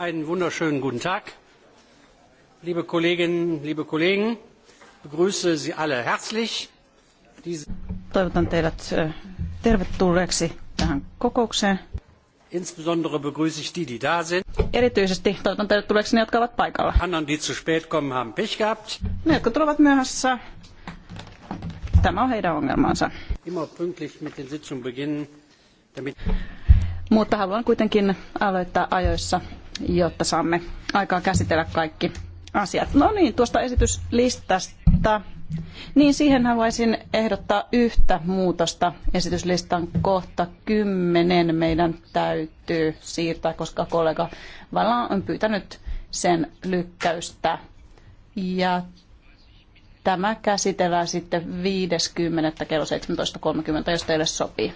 Einen wunderschönen guten Tag, liebe Kolleginnen, liebe Kollegen. Ich begrüße Sie alle herzlich. Toivotan teidät tervetulleeksi tähän kokoukseen. Insbesondere begrüße ich die, die da sind. Erityisesti toivotan tervetulleeksi ne, jotka ovat paikalla. Anderen, die zu spät kommen, haben Pech gehabt. Ne, jotka tulevat myöhässä, tämä on heidän ongelmansa. Immer pünktlich mit den Sitzungen beginnen, damit... Mutta haluan kuitenkin aloittaa ajoissa, jotta saamme aikaa käsitellä kaikki asiat. No niin, tuosta esityslistasta. Niin siihen haluaisin ehdottaa yhtä muutosta. Esityslistan kohta kymmenen meidän täytyy siirtää, koska kollega Vala on pyytänyt sen lykkäystä. Ja tämä käsitellään sitten 50. kello 17.30, jos teille sopii.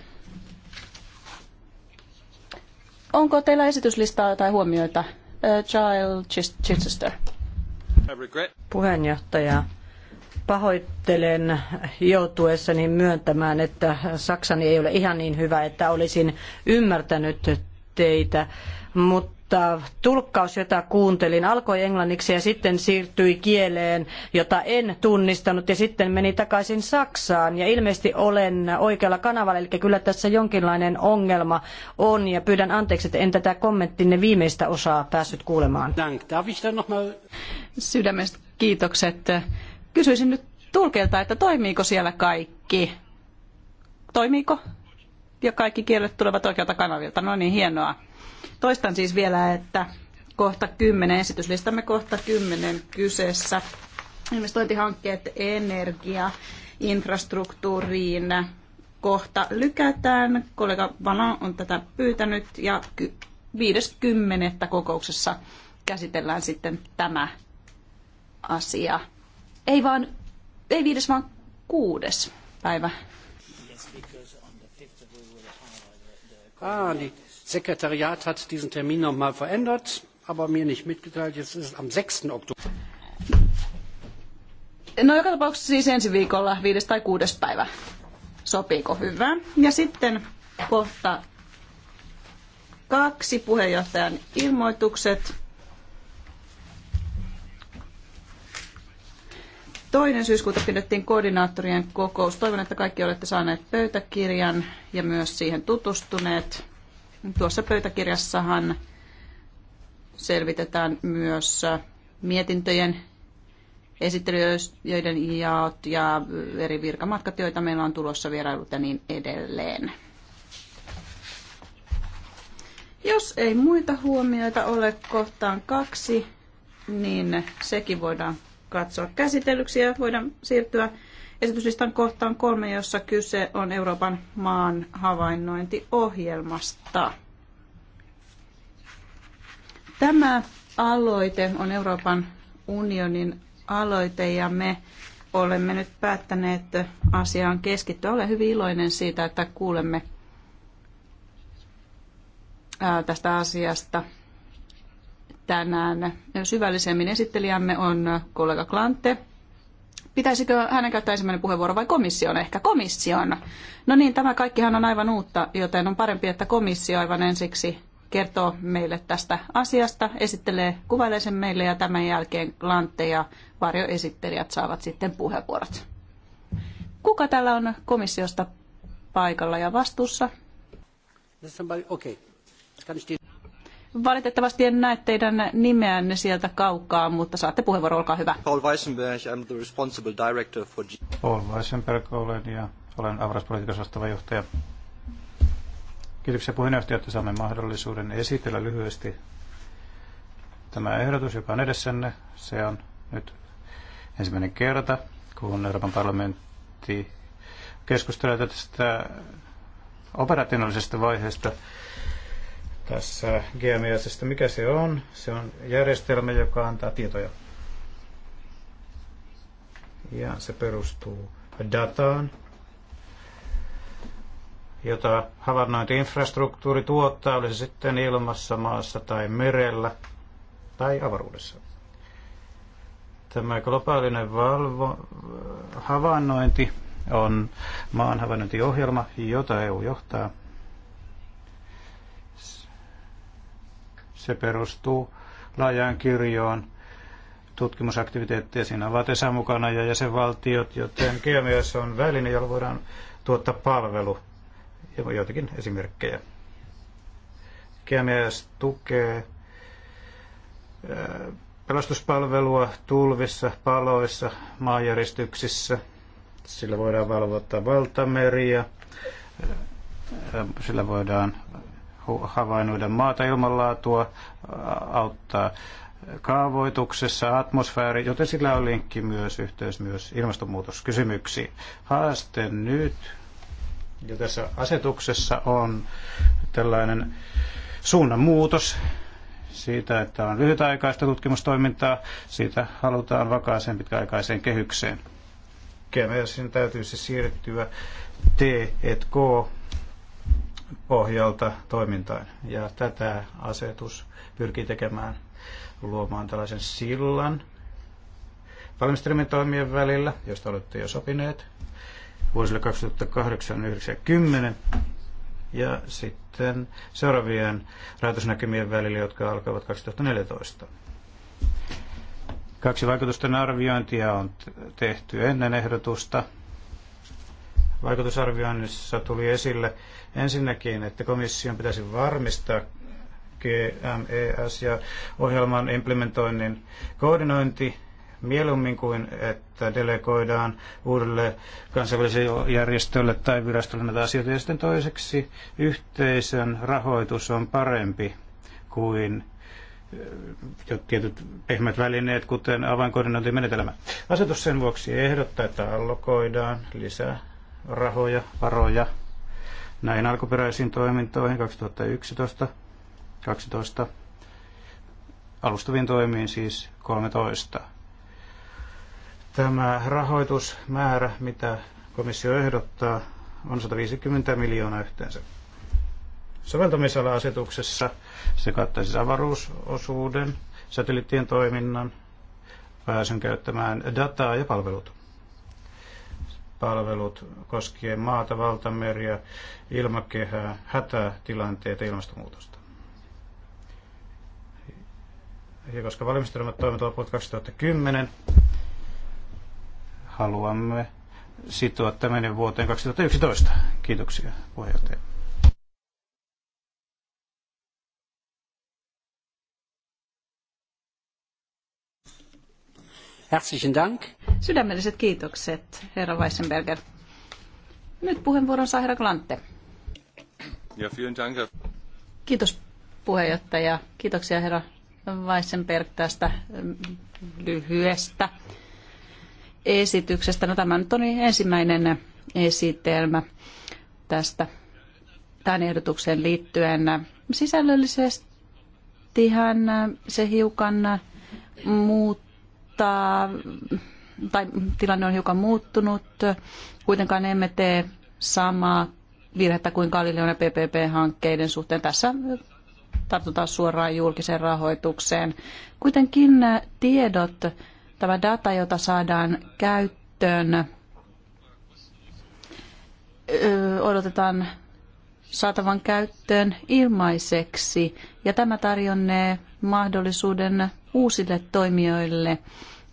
Onko teillä esityslistaa tai huomioita? Child Chichester. Puheenjohtaja, pahoittelen joutuessani myöntämään, että saksani ei ole ihan niin hyvä, että olisin ymmärtänyt teitä, mutta mutta tulkkaus, jota kuuntelin, alkoi englanniksi ja sitten siirtyi kieleen, jota en tunnistanut ja sitten meni takaisin Saksaan. Ja ilmeisesti olen oikealla kanavalla, eli kyllä tässä jonkinlainen ongelma on ja pyydän anteeksi, että en tätä kommenttinne viimeistä osaa päässyt kuulemaan. Sydämestä kiitokset. Kysyisin nyt tulkelta, että toimiiko siellä kaikki? Toimiiko? Ja kaikki kielet tulevat oikealta kanavilta. No niin, hienoa. Toistan siis vielä, että kohta 10, esityslistamme kohta 10 kyseessä. Investointihankkeet energia, infrastruktuuriin kohta lykätään. Kollega Vana on tätä pyytänyt ja 50. kokouksessa käsitellään sitten tämä asia. Ei vaan, ei viides vaan kuudes päivä. Ah, niin Sekretariat hat diesen Termin einmal verändert, aber mir nicht mitgeteilt. Jetzt ist es am 6. Oktober. No joka tapauksessa siis ensi viikolla viides tai kuudes päivä. Sopiiko hyvä? Ja sitten kohta kaksi puheenjohtajan ilmoitukset. Toinen syyskuuta pidettiin koordinaattorien kokous. Toivon, että kaikki olette saaneet pöytäkirjan ja myös siihen tutustuneet. Tuossa pöytäkirjassahan selvitetään myös mietintöjen esittelyjen jaot ja eri virkamatkat, joita meillä on tulossa vierailut ja niin edelleen. Jos ei muita huomioita ole kohtaan kaksi, niin sekin voidaan katsoa käsitellyksi ja voidaan siirtyä Esityslistan kohtaan kolme, jossa kyse on Euroopan maan havainnointiohjelmasta. Tämä aloite on Euroopan unionin aloite ja me olemme nyt päättäneet asiaan keskittyä. Olen hyvin iloinen siitä, että kuulemme tästä asiasta tänään syvällisemmin. Esittelijämme on kollega Klante Pitäisikö hänen käyttää ensimmäinen puheenvuoro vai komission ehkä? Komission. No niin, tämä kaikkihan on aivan uutta, joten on parempi, että komissio aivan ensiksi kertoo meille tästä asiasta, esittelee, kuvailee sen meille ja tämän jälkeen Lantte ja varjoesittelijät saavat sitten puheenvuorot. Kuka täällä on komissiosta paikalla ja vastuussa? Okay. Valitettavasti en näe teidän nimeänne sieltä kaukaa, mutta saatte puheenvuoron, olkaa hyvä. Paul Weissenberg, I'm the responsible director for... Paul Weissenberg olen ja olen avaruuspolitiikan vastaava johtaja. Kiitoksia puheenjohtaja, että saamme mahdollisuuden esitellä lyhyesti tämä ehdotus, joka on edessänne. Se on nyt ensimmäinen kerta, kun Euroopan parlamentti keskustelee tästä operationaalisesta vaiheesta tässä GMSstä. Mikä se on? Se on järjestelmä, joka antaa tietoja. Ja se perustuu dataan, jota havainnointiinfrastruktuuri tuottaa, olisi sitten ilmassa, maassa tai merellä tai avaruudessa. Tämä globaalinen valvo, havainnointi on maan havainnointiohjelma, jota EU johtaa – Se perustuu laajaan kirjoon tutkimusaktiviteetteja. Siinä ovat ESA mukana ja jäsenvaltiot, joten GMS on väline, jolla voidaan tuottaa palvelu. Ja joitakin esimerkkejä. GMS tukee pelastuspalvelua tulvissa, paloissa, maanjäristyksissä. Sillä voidaan valvottaa valtameriä, sillä voidaan havainnoida maata ilmanlaatua, auttaa kaavoituksessa, atmosfääri, joten sillä on linkki myös yhteys myös ilmastonmuutoskysymyksiin. Haaste nyt ja tässä asetuksessa on tällainen suunnanmuutos siitä, että on lyhytaikaista tutkimustoimintaa, siitä halutaan vakaaseen pitkäaikaiseen kehykseen. Kemesin täytyisi siirtyä T et K pohjalta toimintaan. Ja tätä asetus pyrkii tekemään luomaan tällaisen sillan valmistelmien toimien välillä, josta olette jo sopineet, vuosille 2008-2010 ja sitten seuraavien rahoitusnäkymien välillä, jotka alkavat 2014. Kaksi vaikutusten arviointia on tehty ennen ehdotusta. Vaikutusarvioinnissa tuli esille Ensinnäkin, että komission pitäisi varmistaa GMES ja ohjelman implementoinnin koordinointi mieluummin kuin että delegoidaan uudelle kansainväliselle järjestölle tai virastolle näitä asioita. Ja sitten toiseksi yhteisön rahoitus on parempi kuin äh, tietyt pehmät välineet, kuten avainkoordinointimenetelmä. Asetus sen vuoksi ehdottaa, että allokoidaan lisää rahoja, varoja näihin alkuperäisiin toimintoihin 2011, 12, alustaviin toimiin siis 13. Tämä rahoitusmäärä, mitä komissio ehdottaa, on 150 miljoonaa yhteensä. Soveltamisala-asetuksessa se kattaisi siis avaruusosuuden, satelliittien toiminnan, pääsyn käyttämään dataa ja palvelut palvelut koskien maata, valtameriä, ilmakehää, hätätilanteita ja ilmastonmuutosta. Ja koska valmistelemme toimintaa loppuvat 2010, haluamme sitoa tämän vuoteen 2011. Kiitoksia puheenjohtaja. Herzlichen Dank. Sydämelliset kiitokset, herra Weissenberger. Nyt puheenvuoron saa herra Glante. Ja dank. Kiitos puheenjohtaja. Kiitoksia herra Weissenberg tästä lyhyestä esityksestä. No, tämä nyt on niin ensimmäinen esitelmä tästä tämän ehdotukseen liittyen. Sisällöllisesti se hiukan muuttaa tai tilanne on hiukan muuttunut. Kuitenkaan emme tee samaa virhettä kuin Galileon ja PPP-hankkeiden suhteen. Tässä tartutaan suoraan julkiseen rahoitukseen. Kuitenkin tiedot, tämä data, jota saadaan käyttöön, odotetaan saatavan käyttöön ilmaiseksi ja tämä tarjonnee mahdollisuuden uusille toimijoille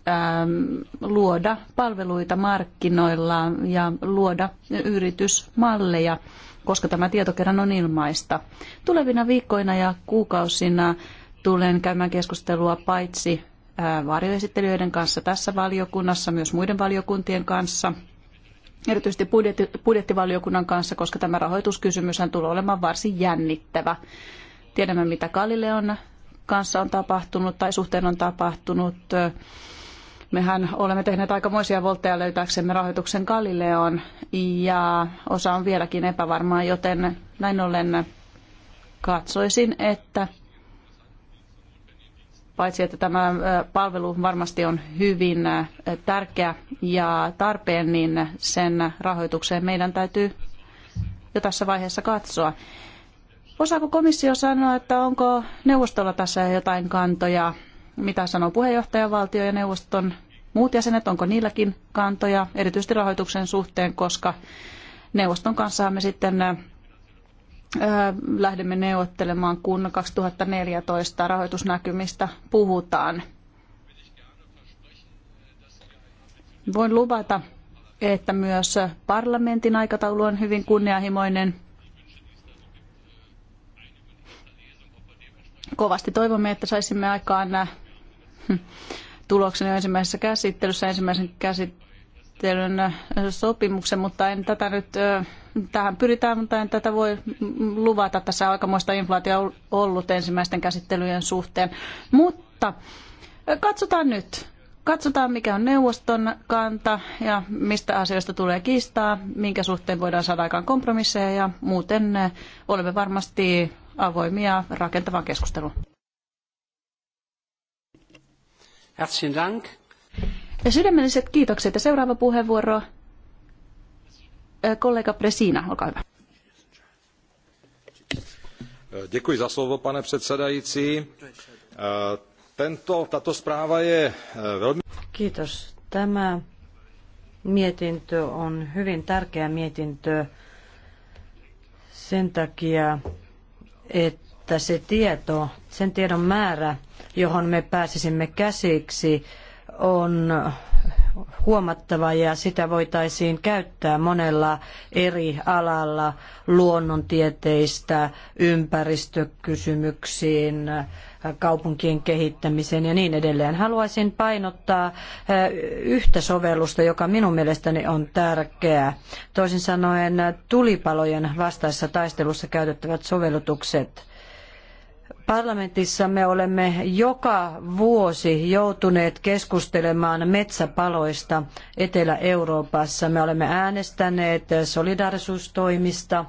Ähm, luoda palveluita markkinoilla ja luoda yritysmalleja, koska tämä tietokerran on ilmaista. Tulevina viikkoina ja kuukausina tulen käymään keskustelua paitsi äh, varjoesittelijöiden kanssa tässä valiokunnassa, myös muiden valiokuntien kanssa erityisesti budjetti, budjettivaliokunnan kanssa, koska tämä rahoituskysymyshän tulee olemaan varsin jännittävä. Tiedämme, mitä Galileon kanssa on tapahtunut tai suhteen on tapahtunut. Mehän olemme tehneet aikamoisia voltteja löytääksemme rahoituksen Galileoon ja osa on vieläkin epävarmaa, joten näin ollen katsoisin, että paitsi että tämä palvelu varmasti on hyvin tärkeä ja tarpeen, niin sen rahoitukseen meidän täytyy jo tässä vaiheessa katsoa. Osaako komissio sanoa, että onko neuvostolla tässä jotain kantoja mitä sanoo puheenjohtajavaltio ja neuvoston muut jäsenet, onko niilläkin kantoja, erityisesti rahoituksen suhteen, koska neuvoston kanssa me sitten lähdemme neuvottelemaan, kun 2014 rahoitusnäkymistä puhutaan. Voin luvata, että myös parlamentin aikataulu on hyvin kunnianhimoinen Kovasti toivomme, että saisimme aikaan äh, tuloksen jo ensimmäisessä käsittelyssä, ensimmäisen käsittelyn äh, sopimuksen, mutta en tätä nyt, äh, tähän pyritään, mutta en tätä voi luvata. Tässä on aikamoista inflaatio ollut ensimmäisten käsittelyjen suhteen. Mutta katsotaan nyt, katsotaan mikä on neuvoston kanta ja mistä asioista tulee kiistaa, minkä suhteen voidaan saada aikaan kompromisseja ja muuten olemme varmasti avoimia rakentavan keskusteluun. Herzlichen Dank. Ja sydämelliset kiitokset. Ja seuraava puheenvuoro kollega Presina, olkaa hyvä. Děkuji za slovo, pane předsedající. Tento, tato zpráva je velmi... Kiitos. Tämä mietintö on hyvin tärkeä mietintö sen takia, että se tieto, sen tiedon määrä, johon me pääsisimme käsiksi, on huomattava ja sitä voitaisiin käyttää monella eri alalla luonnontieteistä, ympäristökysymyksiin, kaupunkien kehittämiseen ja niin edelleen. Haluaisin painottaa yhtä sovellusta, joka minun mielestäni on tärkeää. Toisin sanoen tulipalojen vastaisessa taistelussa käytettävät sovellutukset parlamentissa me olemme joka vuosi joutuneet keskustelemaan metsäpaloista Etelä-Euroopassa. Me olemme äänestäneet solidaarisuustoimista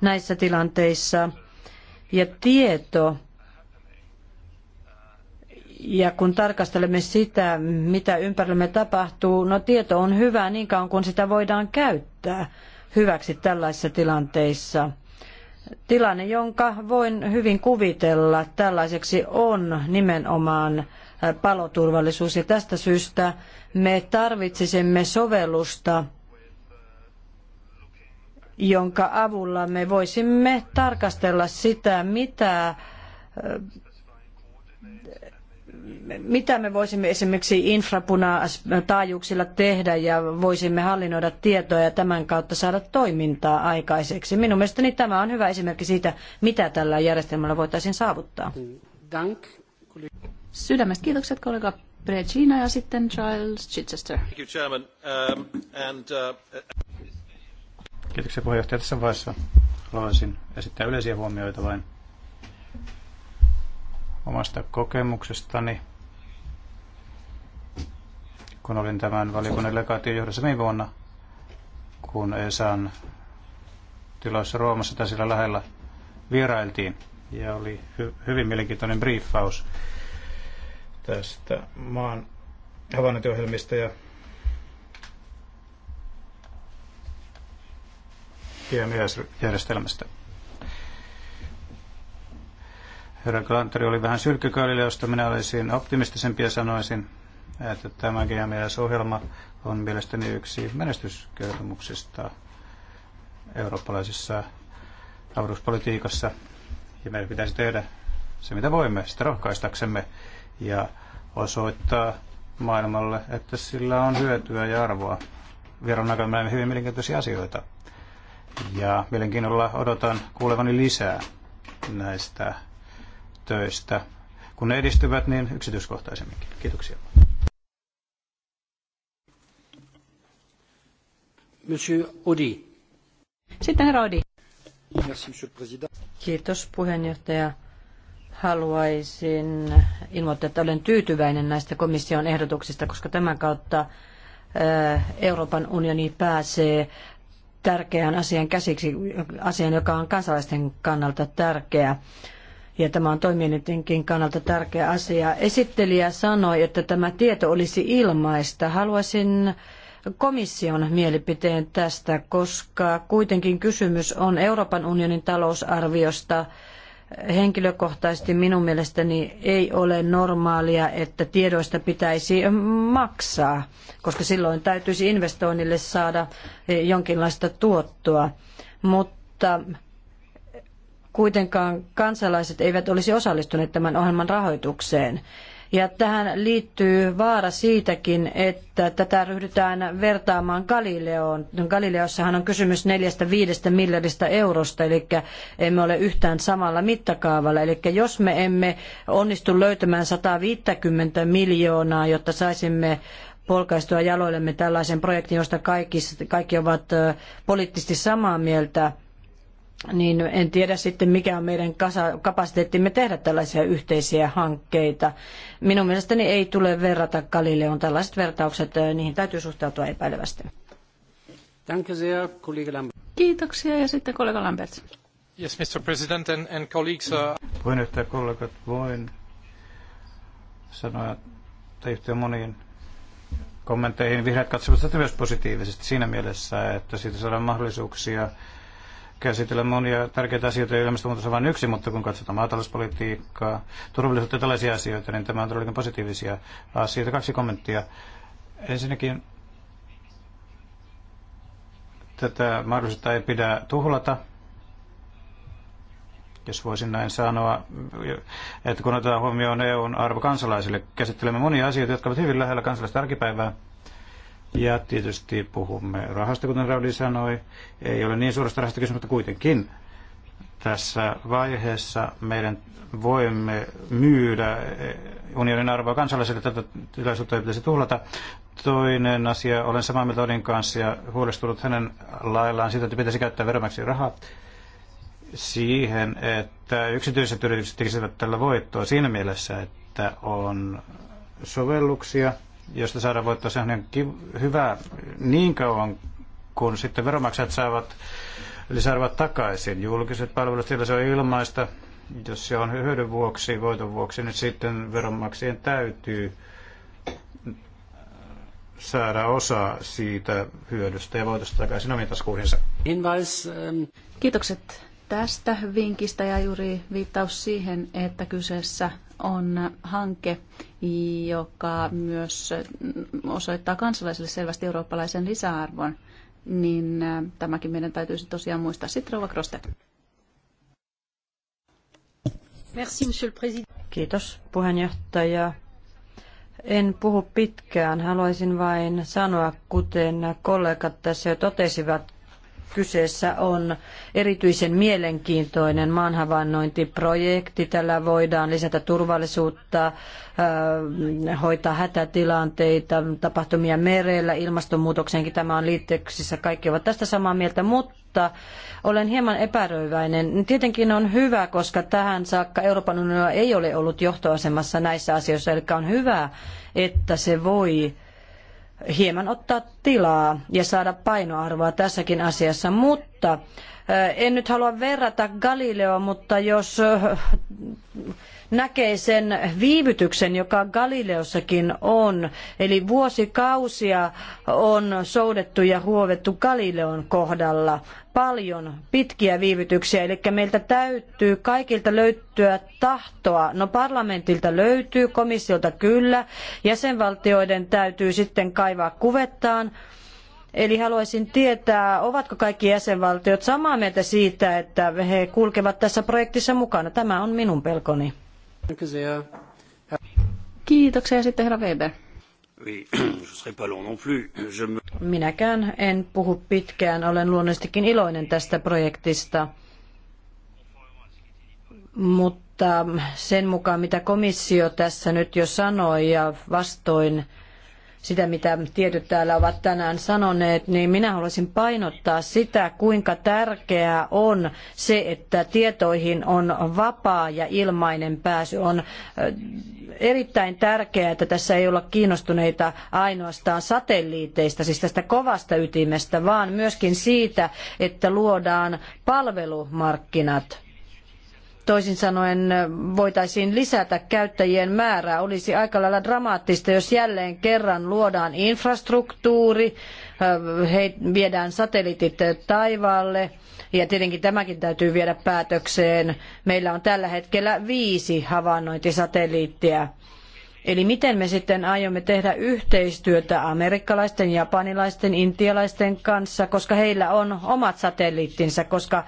näissä tilanteissa ja tieto ja kun tarkastelemme sitä, mitä ympärillämme tapahtuu, no tieto on hyvä niin kauan kuin sitä voidaan käyttää hyväksi tällaisissa tilanteissa. Tilanne, jonka voin hyvin kuvitella tällaiseksi, on nimenomaan paloturvallisuus. Ja tästä syystä me tarvitsisimme sovellusta, jonka avulla me voisimme tarkastella sitä, mitä mitä me voisimme esimerkiksi infrapunataajuuksilla tehdä ja voisimme hallinnoida tietoa ja tämän kautta saada toimintaa aikaiseksi. Minun mielestäni tämä on hyvä esimerkki siitä, mitä tällä järjestelmällä voitaisiin saavuttaa. Dank. Sydämestä kiitokset kollega Brezina ja sitten Charles Chichester. Thank you, um, uh, Kiitoksia puheenjohtaja tässä vaiheessa. Haluaisin esittää yleisiä huomioita vain omasta kokemuksestani, kun olin tämän valiokunnan legaation johdossa viime vuonna, kun ESAn tiloissa Roomassa tai sillä lähellä vierailtiin. Ja oli hy- hyvin mielenkiintoinen briefaus tästä maan havainnointiohjelmista ja GMS-järjestelmästä. Herra Kalanteri oli vähän sylkykaalille, josta minä olisin optimistisempi ja sanoisin, että tämä GMS-ohjelma on mielestäni yksi menestyskertomuksista eurooppalaisessa avaruuspolitiikassa. Ja meidän pitäisi tehdä se, mitä voimme, sitä rohkaistaksemme ja osoittaa maailmalle, että sillä on hyötyä ja arvoa. Vieron aikana näemme hyvin mielenkiintoisia asioita. Ja mielenkiinnolla odotan kuulevani lisää näistä töistä. Kun ne edistyvät, niin yksityiskohtaisemminkin. Kiitoksia. Monsieur Audi. Sitten herra Audi. Kiitos puheenjohtaja. Haluaisin ilmoittaa, että olen tyytyväinen näistä komission ehdotuksista, koska tämän kautta äh, Euroopan unioni pääsee tärkeään asian käsiksi, asian, joka on kansalaisten kannalta tärkeä ja tämä on toimielintenkin kannalta tärkeä asia. Esittelijä sanoi, että tämä tieto olisi ilmaista. Haluaisin komission mielipiteen tästä, koska kuitenkin kysymys on Euroopan unionin talousarviosta. Henkilökohtaisesti minun mielestäni ei ole normaalia, että tiedoista pitäisi maksaa, koska silloin täytyisi investoinnille saada jonkinlaista tuottoa. Mutta kuitenkaan kansalaiset eivät olisi osallistuneet tämän ohjelman rahoitukseen. Ja tähän liittyy vaara siitäkin, että tätä ryhdytään vertaamaan Galileoon. Galileossahan on kysymys neljästä viidestä miljardista eurosta, eli emme ole yhtään samalla mittakaavalla. Eli jos me emme onnistu löytämään 150 miljoonaa, jotta saisimme polkaistua jaloillemme tällaisen projektin, josta kaikki, kaikki ovat poliittisesti samaa mieltä, niin en tiedä sitten mikä on meidän kapasiteettimme tehdä tällaisia yhteisiä hankkeita. Minun mielestäni ei tule verrata Galileon tällaiset vertaukset, niihin täytyy suhtautua epäilevästi. Kiitoksia ja sitten kollega Lambert. Yes, Mr. President and, and colleagues. Uh... kollegat, voin sanoa tai yhtyä moniin kommentteihin. Vihreät katsovat myös positiivisesti siinä mielessä, että siitä saadaan mahdollisuuksia käsitellä monia tärkeitä asioita, ja ilmastonmuutos on vain yksi, mutta kun katsotaan maatalouspolitiikkaa, turvallisuutta ja tällaisia asioita, niin tämä on todellakin positiivisia asioita. Kaksi kommenttia. Ensinnäkin tätä mahdollisuutta ei pidä tuhlata, jos voisin näin sanoa, että kun otetaan huomioon EUn arvo kansalaisille, käsittelemme monia asioita, jotka ovat hyvin lähellä kansalaista arkipäivää. Ja tietysti puhumme rahasta, kuten Rauli sanoi. Ei ole niin suuresta rahasta kysymys, mutta kuitenkin tässä vaiheessa meidän voimme myydä eh, unionin arvoa kansalaisille, tätä tilaisuutta ei pitäisi tuhlata. Toinen asia, olen samaa mieltä Odin kanssa ja huolestunut hänen laillaan siitä, että pitäisi käyttää veromaksi rahaa siihen, että yksityiset yritykset tekisivät tällä voittoa siinä mielessä, että on sovelluksia, josta saada voittoa, se on hyvä niin kauan, kun sitten veromaksajat saavat lisäarvot takaisin. Julkiset palvelut, siellä se on ilmaista. Jos se on hyödyn vuoksi, voiton vuoksi, niin sitten veronmaksajien täytyy saada osa siitä hyödystä ja voitosta takaisin omiin taskuihinsa. Ähm, Kiitokset tästä vinkistä ja juuri viittaus siihen, että kyseessä on hanke, joka myös osoittaa kansalaisille selvästi eurooppalaisen lisäarvon, niin äh, tämäkin meidän täytyisi tosiaan muistaa. Sitten Rova Krostet. Merci, monsieur le président. Kiitos puheenjohtaja. En puhu pitkään, haluaisin vain sanoa, kuten kollegat tässä jo totesivat, Kyseessä on erityisen mielenkiintoinen maanhavainnointiprojekti. Tällä voidaan lisätä turvallisuutta, äh, hoitaa hätätilanteita, tapahtumia merellä, ilmastonmuutokseenkin tämä on liitteksissä. Kaikki ovat tästä samaa mieltä, mutta olen hieman epäröiväinen. Tietenkin on hyvä, koska tähän saakka Euroopan unionilla ei ole ollut johtoasemassa näissä asioissa, eli on hyvä, että se voi hieman ottaa tilaa ja saada painoarvoa tässäkin asiassa, mutta en nyt halua verrata Galileoa, mutta jos näkee sen viivytyksen, joka Galileossakin on. Eli vuosikausia on soudettu ja huovettu Galileon kohdalla paljon pitkiä viivytyksiä, eli meiltä täytyy kaikilta löytyä tahtoa. No parlamentilta löytyy, komissiolta kyllä, jäsenvaltioiden täytyy sitten kaivaa kuvettaan, Eli haluaisin tietää, ovatko kaikki jäsenvaltiot samaa mieltä siitä, että he kulkevat tässä projektissa mukana. Tämä on minun pelkoni. Kiitoksia sitten herra Weber. Minäkään en puhu pitkään. Olen luonnollisestikin iloinen tästä projektista. Mutta sen mukaan, mitä komissio tässä nyt jo sanoi ja vastoin sitä, mitä tietyt täällä ovat tänään sanoneet, niin minä haluaisin painottaa sitä, kuinka tärkeää on se, että tietoihin on vapaa ja ilmainen pääsy. On erittäin tärkeää, että tässä ei olla kiinnostuneita ainoastaan satelliiteista, siis tästä kovasta ytimestä, vaan myöskin siitä, että luodaan palvelumarkkinat Toisin sanoen voitaisiin lisätä käyttäjien määrää. Olisi aika lailla dramaattista, jos jälleen kerran luodaan infrastruktuuri, viedään satelliitit taivaalle ja tietenkin tämäkin täytyy viedä päätökseen. Meillä on tällä hetkellä viisi havainnointisatelliittia. Eli miten me sitten aiomme tehdä yhteistyötä amerikkalaisten, japanilaisten, intialaisten kanssa, koska heillä on omat satelliittinsa, koska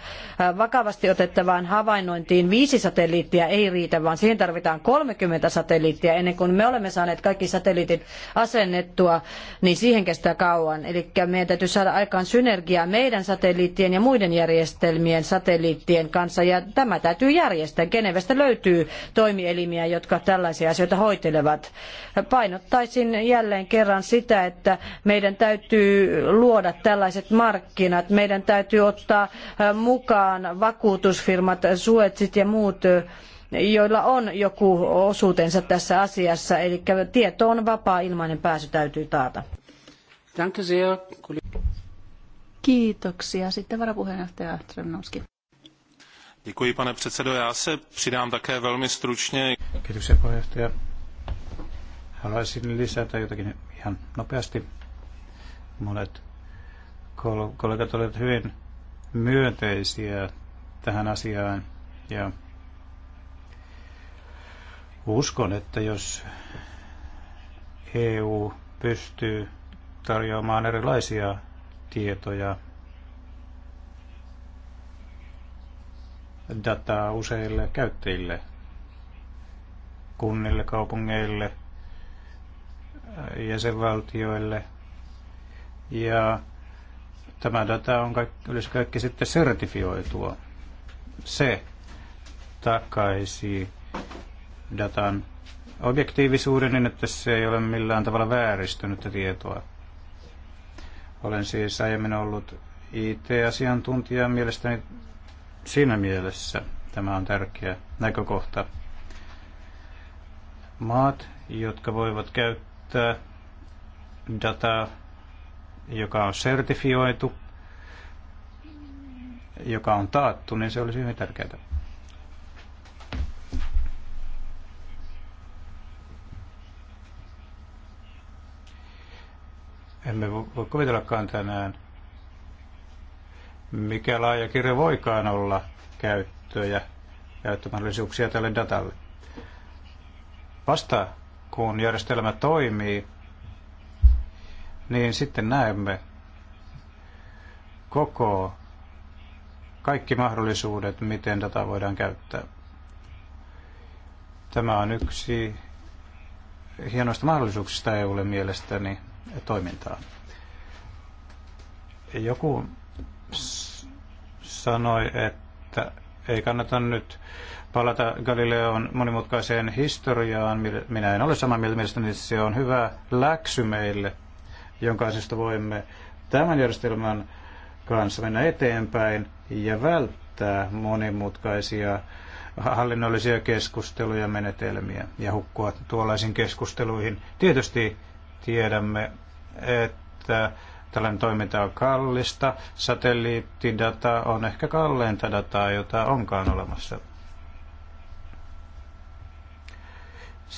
vakavasti otettavaan havainnointiin viisi satelliittia ei riitä, vaan siihen tarvitaan 30 satelliittia ennen kuin me olemme saaneet kaikki satelliitit asennettua, niin siihen kestää kauan. Eli meidän täytyy saada aikaan synergiaa meidän satelliittien ja muiden järjestelmien satelliittien kanssa, ja tämä täytyy järjestää. Genevestä löytyy toimielimiä, jotka tällaisia asioita hoitelevat tulevat. Painottaisin jälleen kerran sitä, että meidän täytyy luoda tällaiset markkinat. Meidän täytyy ottaa mukaan vakuutusfirmat, suetsit ja muut joilla on joku osuutensa tässä asiassa, eli tieto on vapaa, ilmainen pääsy täytyy taata. Kiitoksia. Sitten varapuheenjohtaja Trevnowski. Děkuji, pane předsedo. Já se přidám také velmi stručně. Kiitoksia, puheenjohtaja. Haluaisin lisätä jotakin ihan nopeasti. Monet kollegat olivat hyvin myönteisiä tähän asiaan ja uskon, että jos EU pystyy tarjoamaan erilaisia tietoja, dataa useille käyttäjille, kunnille, kaupungeille – jäsenvaltioille. Ja tämä data on kaikki, olisi kaikki sitten sertifioitua. Se takaisi datan objektiivisuuden niin, että se ei ole millään tavalla vääristynyttä tietoa. Olen siis aiemmin ollut IT-asiantuntija mielestäni siinä mielessä tämä on tärkeä näkökohta. Maat, jotka voivat käyttää käyttää dataa, joka on sertifioitu, joka on taattu, niin se olisi hyvin tärkeää. Emme voi kuvitellakaan tänään, mikä laaja kirja voikaan olla käyttöjä, käyttömahdollisuuksia tälle datalle. Vasta kun järjestelmä toimii, niin sitten näemme koko kaikki mahdollisuudet, miten tätä voidaan käyttää. Tämä on yksi hienoista mahdollisuuksista EUlle mielestäni toimintaan. Joku sanoi, että ei kannata nyt palata Galileon monimutkaiseen historiaan. Minä en ole samaa mieltä, mielestäni se on hyvä läksy meille, jonka asiasta voimme tämän järjestelmän kanssa mennä eteenpäin ja välttää monimutkaisia hallinnollisia keskusteluja, menetelmiä ja hukkua tuollaisiin keskusteluihin. Tietysti tiedämme, että tällainen toiminta on kallista. Satelliittidata on ehkä kalleinta dataa, jota onkaan olemassa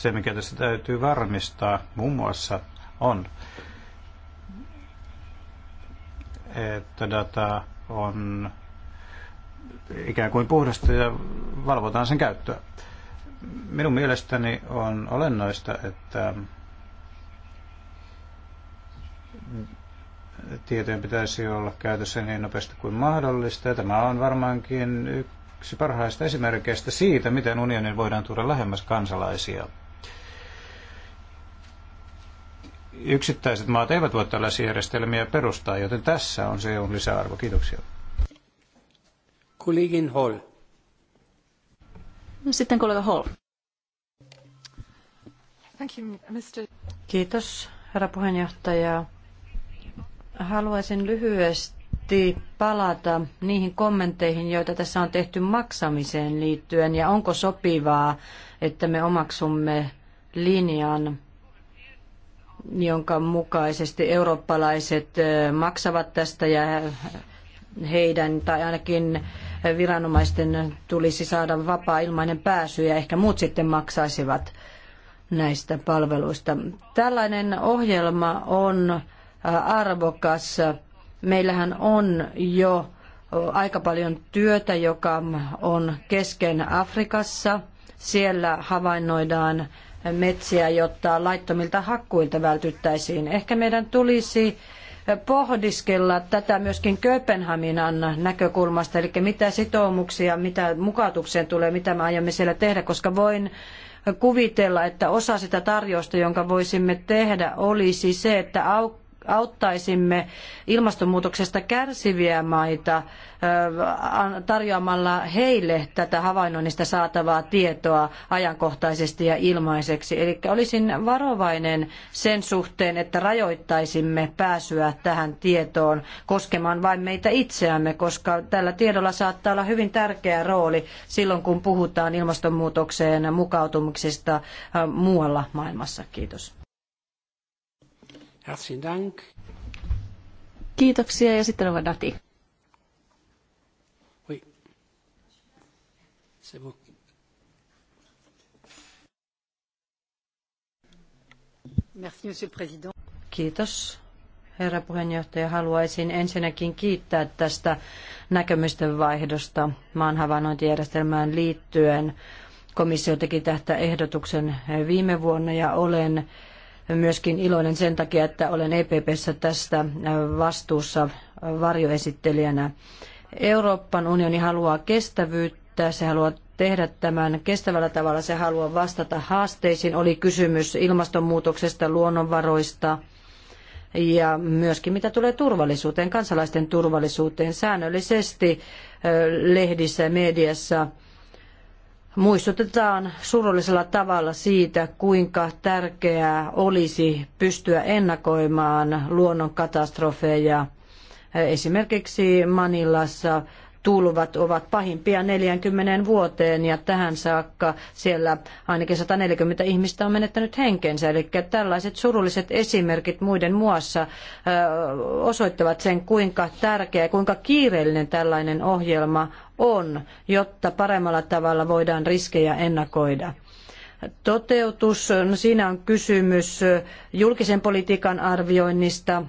Se, mikä tässä täytyy varmistaa muun muassa, on, että data on ikään kuin puhdasta ja valvotaan sen käyttöä. Minun mielestäni on olennaista, että tietojen pitäisi olla käytössä niin nopeasti kuin mahdollista. Ja tämä on varmaankin yksi parhaista esimerkkeistä siitä, miten unionin voidaan tuoda lähemmäs kansalaisia. yksittäiset maat eivät voi tällaisia järjestelmiä perustaa, joten tässä on se EUn lisäarvo. Kiitoksia. Kollegin Hall. No sitten kollega Hall. Thank you, Mr. Kiitos, herra puheenjohtaja. Haluaisin lyhyesti palata niihin kommentteihin, joita tässä on tehty maksamiseen liittyen, ja onko sopivaa, että me omaksumme linjan, jonka mukaisesti eurooppalaiset maksavat tästä ja heidän tai ainakin viranomaisten tulisi saada vapaa ilmainen pääsy ja ehkä muut sitten maksaisivat näistä palveluista. Tällainen ohjelma on arvokas. Meillähän on jo aika paljon työtä, joka on kesken Afrikassa. Siellä havainnoidaan metsiä, jotta laittomilta hakkuilta vältyttäisiin. Ehkä meidän tulisi pohdiskella tätä myöskin Kööpenhaminan näkökulmasta, eli mitä sitoumuksia, mitä mukautukseen tulee, mitä me aiomme siellä tehdä, koska voin kuvitella, että osa sitä tarjousta, jonka voisimme tehdä, olisi se, että aukko auttaisimme ilmastonmuutoksesta kärsiviä maita äh, tarjoamalla heille tätä havainnoinnista saatavaa tietoa ajankohtaisesti ja ilmaiseksi. Eli olisin varovainen sen suhteen, että rajoittaisimme pääsyä tähän tietoon koskemaan vain meitä itseämme, koska tällä tiedolla saattaa olla hyvin tärkeä rooli silloin, kun puhutaan ilmastonmuutokseen mukautumisesta äh, muualla maailmassa. Kiitos. Herzlichen Dank. Kiitoksia ja sitten Rova Dati. Oui. C'est vous. Merci, monsieur le président. Kiitos, herra puheenjohtaja, haluaisin ensinnäkin kiittää tästä näkemysten vaihdosta maan liittyen. Komissio teki tästä ehdotuksen viime vuonna ja olen myöskin iloinen sen takia, että olen EPPssä tästä äh, vastuussa varjoesittelijänä. Euroopan unioni haluaa kestävyyttä, se haluaa tehdä tämän kestävällä tavalla, se haluaa vastata haasteisiin. Oli kysymys ilmastonmuutoksesta, luonnonvaroista ja myöskin mitä tulee turvallisuuteen, kansalaisten turvallisuuteen säännöllisesti äh, lehdissä, mediassa – muistutetaan surullisella tavalla siitä, kuinka tärkeää olisi pystyä ennakoimaan luonnonkatastrofeja. Esimerkiksi Manilassa tulvat ovat pahimpia 40 vuoteen ja tähän saakka siellä ainakin 140 ihmistä on menettänyt henkensä. Eli tällaiset surulliset esimerkit muiden muassa osoittavat sen, kuinka tärkeä ja kuinka kiireellinen tällainen ohjelma on, jotta paremmalla tavalla voidaan riskejä ennakoida toteutus, no siinä on kysymys julkisen politiikan arvioinnista,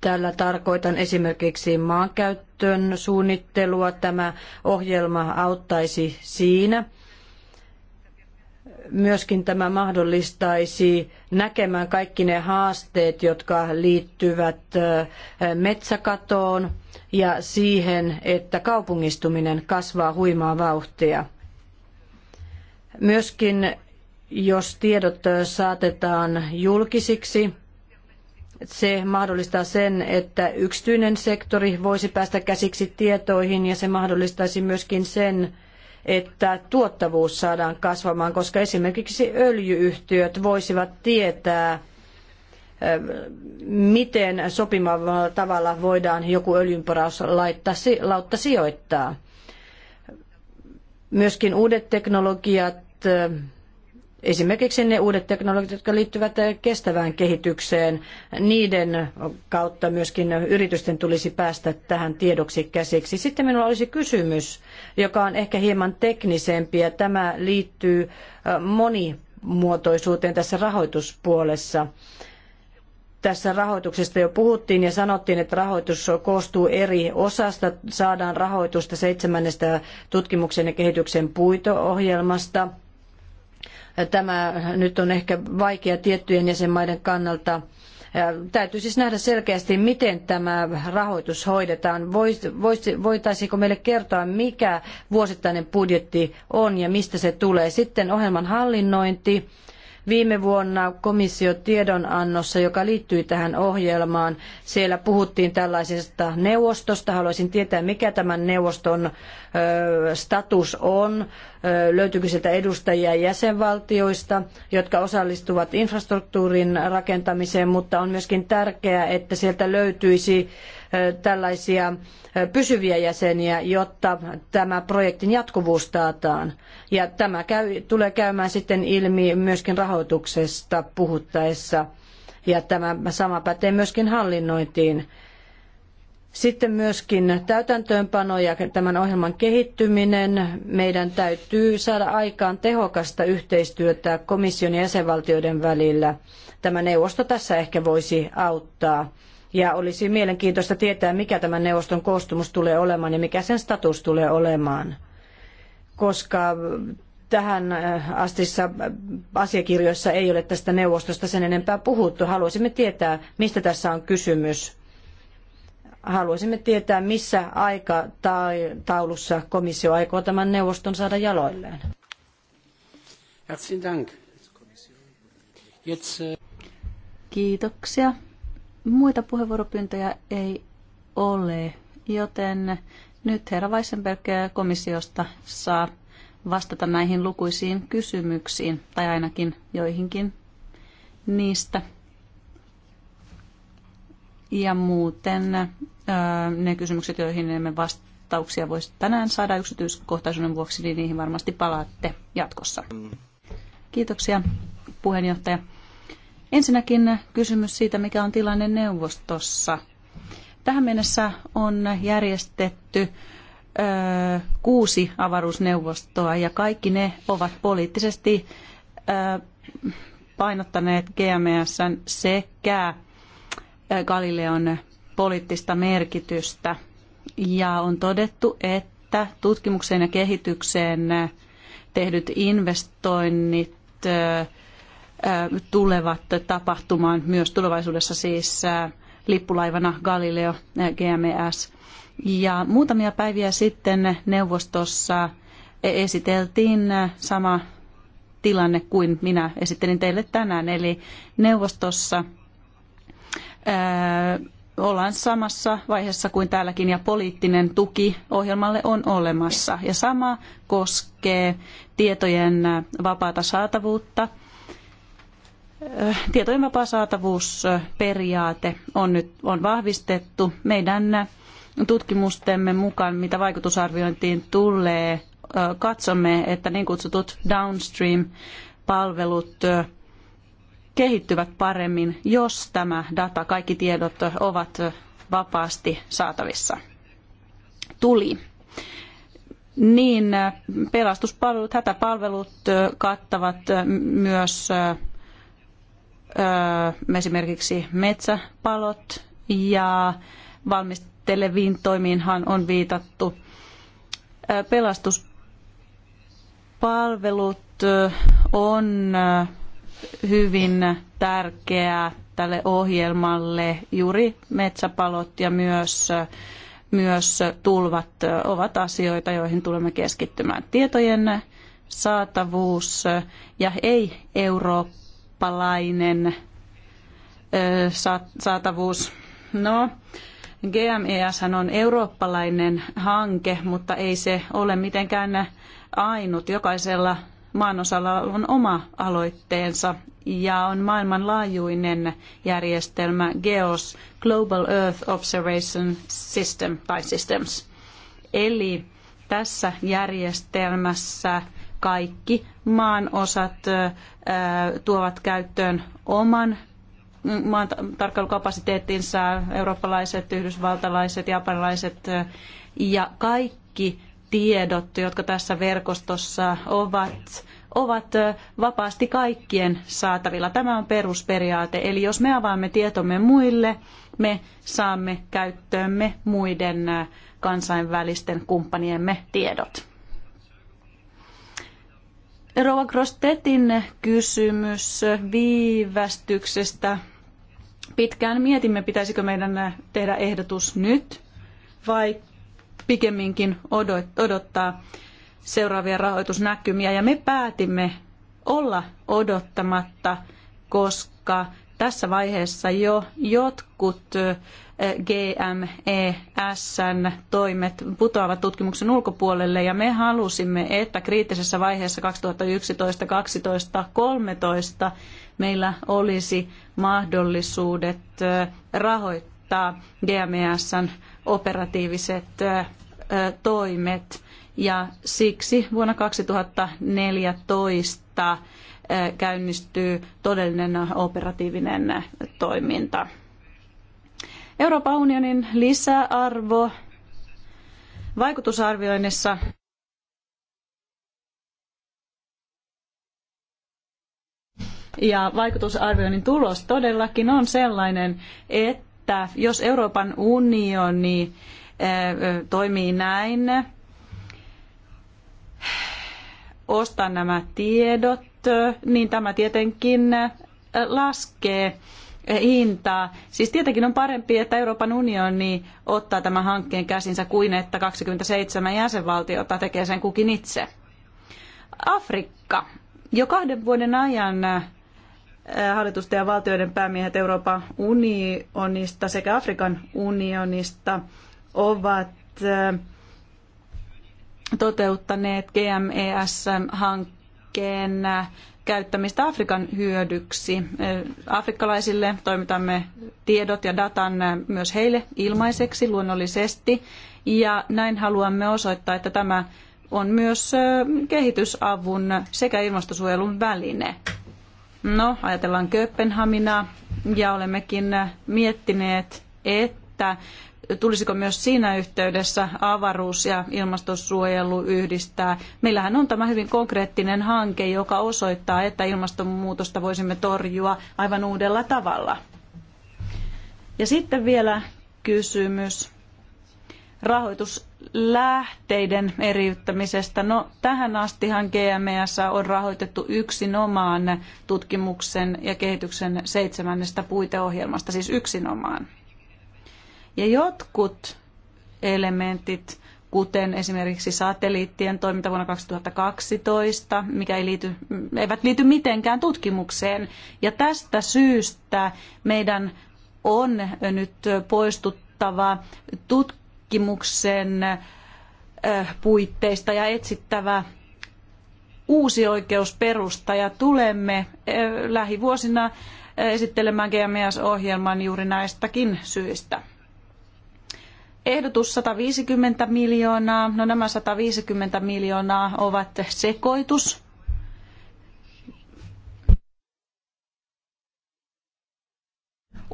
Tällä tarkoitan esimerkiksi maankäyttöön suunnittelua. Tämä ohjelma auttaisi siinä. Myöskin tämä mahdollistaisi näkemään kaikki ne haasteet, jotka liittyvät metsäkatoon ja siihen, että kaupungistuminen kasvaa huimaa vauhtia. Myöskin jos tiedot saatetaan julkisiksi, se mahdollistaa sen, että yksityinen sektori voisi päästä käsiksi tietoihin ja se mahdollistaisi myöskin sen, että tuottavuus saadaan kasvamaan, koska esimerkiksi öljyyhtiöt voisivat tietää, miten sopimalla tavalla voidaan joku öljynporauslautta sijoittaa. Myöskin uudet teknologiat Esimerkiksi ne uudet teknologiat, jotka liittyvät kestävään kehitykseen, niiden kautta myöskin yritysten tulisi päästä tähän tiedoksi käsiksi. Sitten minulla olisi kysymys, joka on ehkä hieman teknisempi ja tämä liittyy monimuotoisuuteen tässä rahoituspuolessa tässä rahoituksesta jo puhuttiin ja sanottiin, että rahoitus koostuu eri osasta. Saadaan rahoitusta seitsemännestä tutkimuksen ja kehityksen puito-ohjelmasta. Tämä nyt on ehkä vaikea tiettyjen jäsenmaiden kannalta. Täytyy siis nähdä selkeästi, miten tämä rahoitus hoidetaan. Voitaisiinko meille kertoa, mikä vuosittainen budjetti on ja mistä se tulee? Sitten ohjelman hallinnointi. Viime vuonna komissio tiedonannossa, joka liittyi tähän ohjelmaan, siellä puhuttiin tällaisesta neuvostosta. Haluaisin tietää, mikä tämän neuvoston status on löytyykö sieltä edustajia jäsenvaltioista, jotka osallistuvat infrastruktuurin rakentamiseen, mutta on myöskin tärkeää, että sieltä löytyisi tällaisia pysyviä jäseniä, jotta tämä projektin jatkuvuus taataan. Ja tämä käy, tulee käymään sitten ilmi myöskin rahoituksesta puhuttaessa. Ja tämä sama pätee myöskin hallinnointiin sitten myöskin täytäntöönpano ja tämän ohjelman kehittyminen. Meidän täytyy saada aikaan tehokasta yhteistyötä komission ja jäsenvaltioiden välillä. Tämä neuvosto tässä ehkä voisi auttaa. Ja olisi mielenkiintoista tietää, mikä tämän neuvoston koostumus tulee olemaan ja mikä sen status tulee olemaan. Koska tähän äh, astissa äh, asiakirjoissa ei ole tästä neuvostosta sen enempää puhuttu. Haluaisimme tietää, mistä tässä on kysymys haluaisimme tietää, missä aikataulussa komissio aikoo tämän neuvoston saada jaloilleen. Äh, Kiitoksia. Muita puheenvuoropyyntöjä ei ole, joten nyt herra Weissenberg komissiosta saa vastata näihin lukuisiin kysymyksiin, tai ainakin joihinkin niistä. Ja muuten Äh, ne kysymykset, joihin emme vastauksia voisi tänään saada yksityiskohtaisuuden vuoksi, niin niihin varmasti palaatte jatkossa. Kiitoksia puheenjohtaja. Ensinnäkin kysymys siitä, mikä on tilanne neuvostossa. Tähän mennessä on järjestetty ö, äh, kuusi avaruusneuvostoa ja kaikki ne ovat poliittisesti ö, äh, painottaneet GMSn sekä Galileon poliittista merkitystä. Ja on todettu, että tutkimukseen ja kehitykseen tehdyt investoinnit tulevat tapahtumaan myös tulevaisuudessa siis lippulaivana Galileo GMS. Ja muutamia päiviä sitten neuvostossa e- esiteltiin sama tilanne kuin minä esittelin teille tänään. Eli neuvostossa ollaan samassa vaiheessa kuin täälläkin ja poliittinen tuki ohjelmalle on olemassa. Ja sama koskee tietojen vapaata saatavuutta. Tietojen vapaa saatavuusperiaate on nyt on vahvistettu. Meidän tutkimustemme mukaan, mitä vaikutusarviointiin tulee, katsomme, että niin kutsutut downstream-palvelut kehittyvät paremmin, jos tämä data, kaikki tiedot ovat vapaasti saatavissa. Tuli. Niin pelastuspalvelut, hätäpalvelut kattavat myös esimerkiksi metsäpalot ja valmisteleviin toimiinhan on viitattu. Pelastuspalvelut on hyvin tärkeää tälle ohjelmalle. Juuri metsäpalot ja myös, myös tulvat ovat asioita, joihin tulemme keskittymään. Tietojen saatavuus ja ei-eurooppalainen saatavuus. No, GMES on eurooppalainen hanke, mutta ei se ole mitenkään ainut. Jokaisella maanosalla on oma aloitteensa ja on maailmanlaajuinen järjestelmä GEOS, Global Earth Observation System tai Systems. Eli tässä järjestelmässä kaikki maanosat tuovat käyttöön oman maan tarkkailukapasiteettinsa, eurooppalaiset, yhdysvaltalaiset, japanilaiset ja kaikki tiedot, jotka tässä verkostossa ovat, ovat vapaasti kaikkien saatavilla. Tämä on perusperiaate. Eli jos me avaamme tietomme muille, me saamme käyttöömme muiden äh, kansainvälisten kumppaniemme tiedot. Rova Grostetin kysymys viivästyksestä. Pitkään mietimme, pitäisikö meidän äh, tehdä ehdotus nyt vai pikemminkin odottaa seuraavia rahoitusnäkymiä. Ja me päätimme olla odottamatta, koska tässä vaiheessa jo jotkut GMESn toimet putoavat tutkimuksen ulkopuolelle ja me halusimme, että kriittisessä vaiheessa 2011, 12, 13 meillä olisi mahdollisuudet rahoittaa GMESn operatiiviset toimet ja siksi vuonna 2014 käynnistyy todellinen operatiivinen toiminta. Euroopan unionin lisäarvo vaikutusarvioinnissa Ja vaikutusarvioinnin tulos todellakin on sellainen, että että jos Euroopan unioni eh, toimii näin, ostaa nämä tiedot, niin tämä tietenkin eh, laskee eh, hintaa. Siis tietenkin on parempi, että Euroopan unioni ottaa tämän hankkeen käsinsä kuin että 27 jäsenvaltiota tekee sen kukin itse. Afrikka. Jo kahden vuoden ajan Äh, hallitusten ja valtioiden päämiehet Euroopan unionista sekä Afrikan unionista ovat äh, toteuttaneet GMES-hankkeen äh, käyttämistä Afrikan hyödyksi. Afrikkalaisille toimitamme tiedot ja datan myös heille ilmaiseksi luonnollisesti. Ja näin haluamme osoittaa, että tämä on myös kehitysavun sekä ilmastosuojelun väline. No, ajatellaan Kööpenhaminaa ja olemmekin miettineet, että tulisiko myös siinä yhteydessä avaruus ja ilmastosuojelu yhdistää. Meillähän on tämä hyvin konkreettinen hanke, joka osoittaa, että ilmastonmuutosta voisimme torjua aivan uudella tavalla. Ja sitten vielä kysymys rahoitus lähteiden eriyttämisestä. No, tähän astihan GMES on rahoitettu yksinomaan tutkimuksen ja kehityksen seitsemännestä puiteohjelmasta, siis yksinomaan. Ja jotkut elementit, kuten esimerkiksi satelliittien toiminta vuonna 2012, mikä ei liity, eivät liity mitenkään tutkimukseen. Ja tästä syystä meidän on nyt poistuttava tutkimus tutkimuksen puitteista ja etsittävä uusi oikeusperusta ja tulemme lähivuosina esittelemään GMS-ohjelman juuri näistäkin syistä. Ehdotus 150 miljoonaa. No nämä 150 miljoonaa ovat sekoitus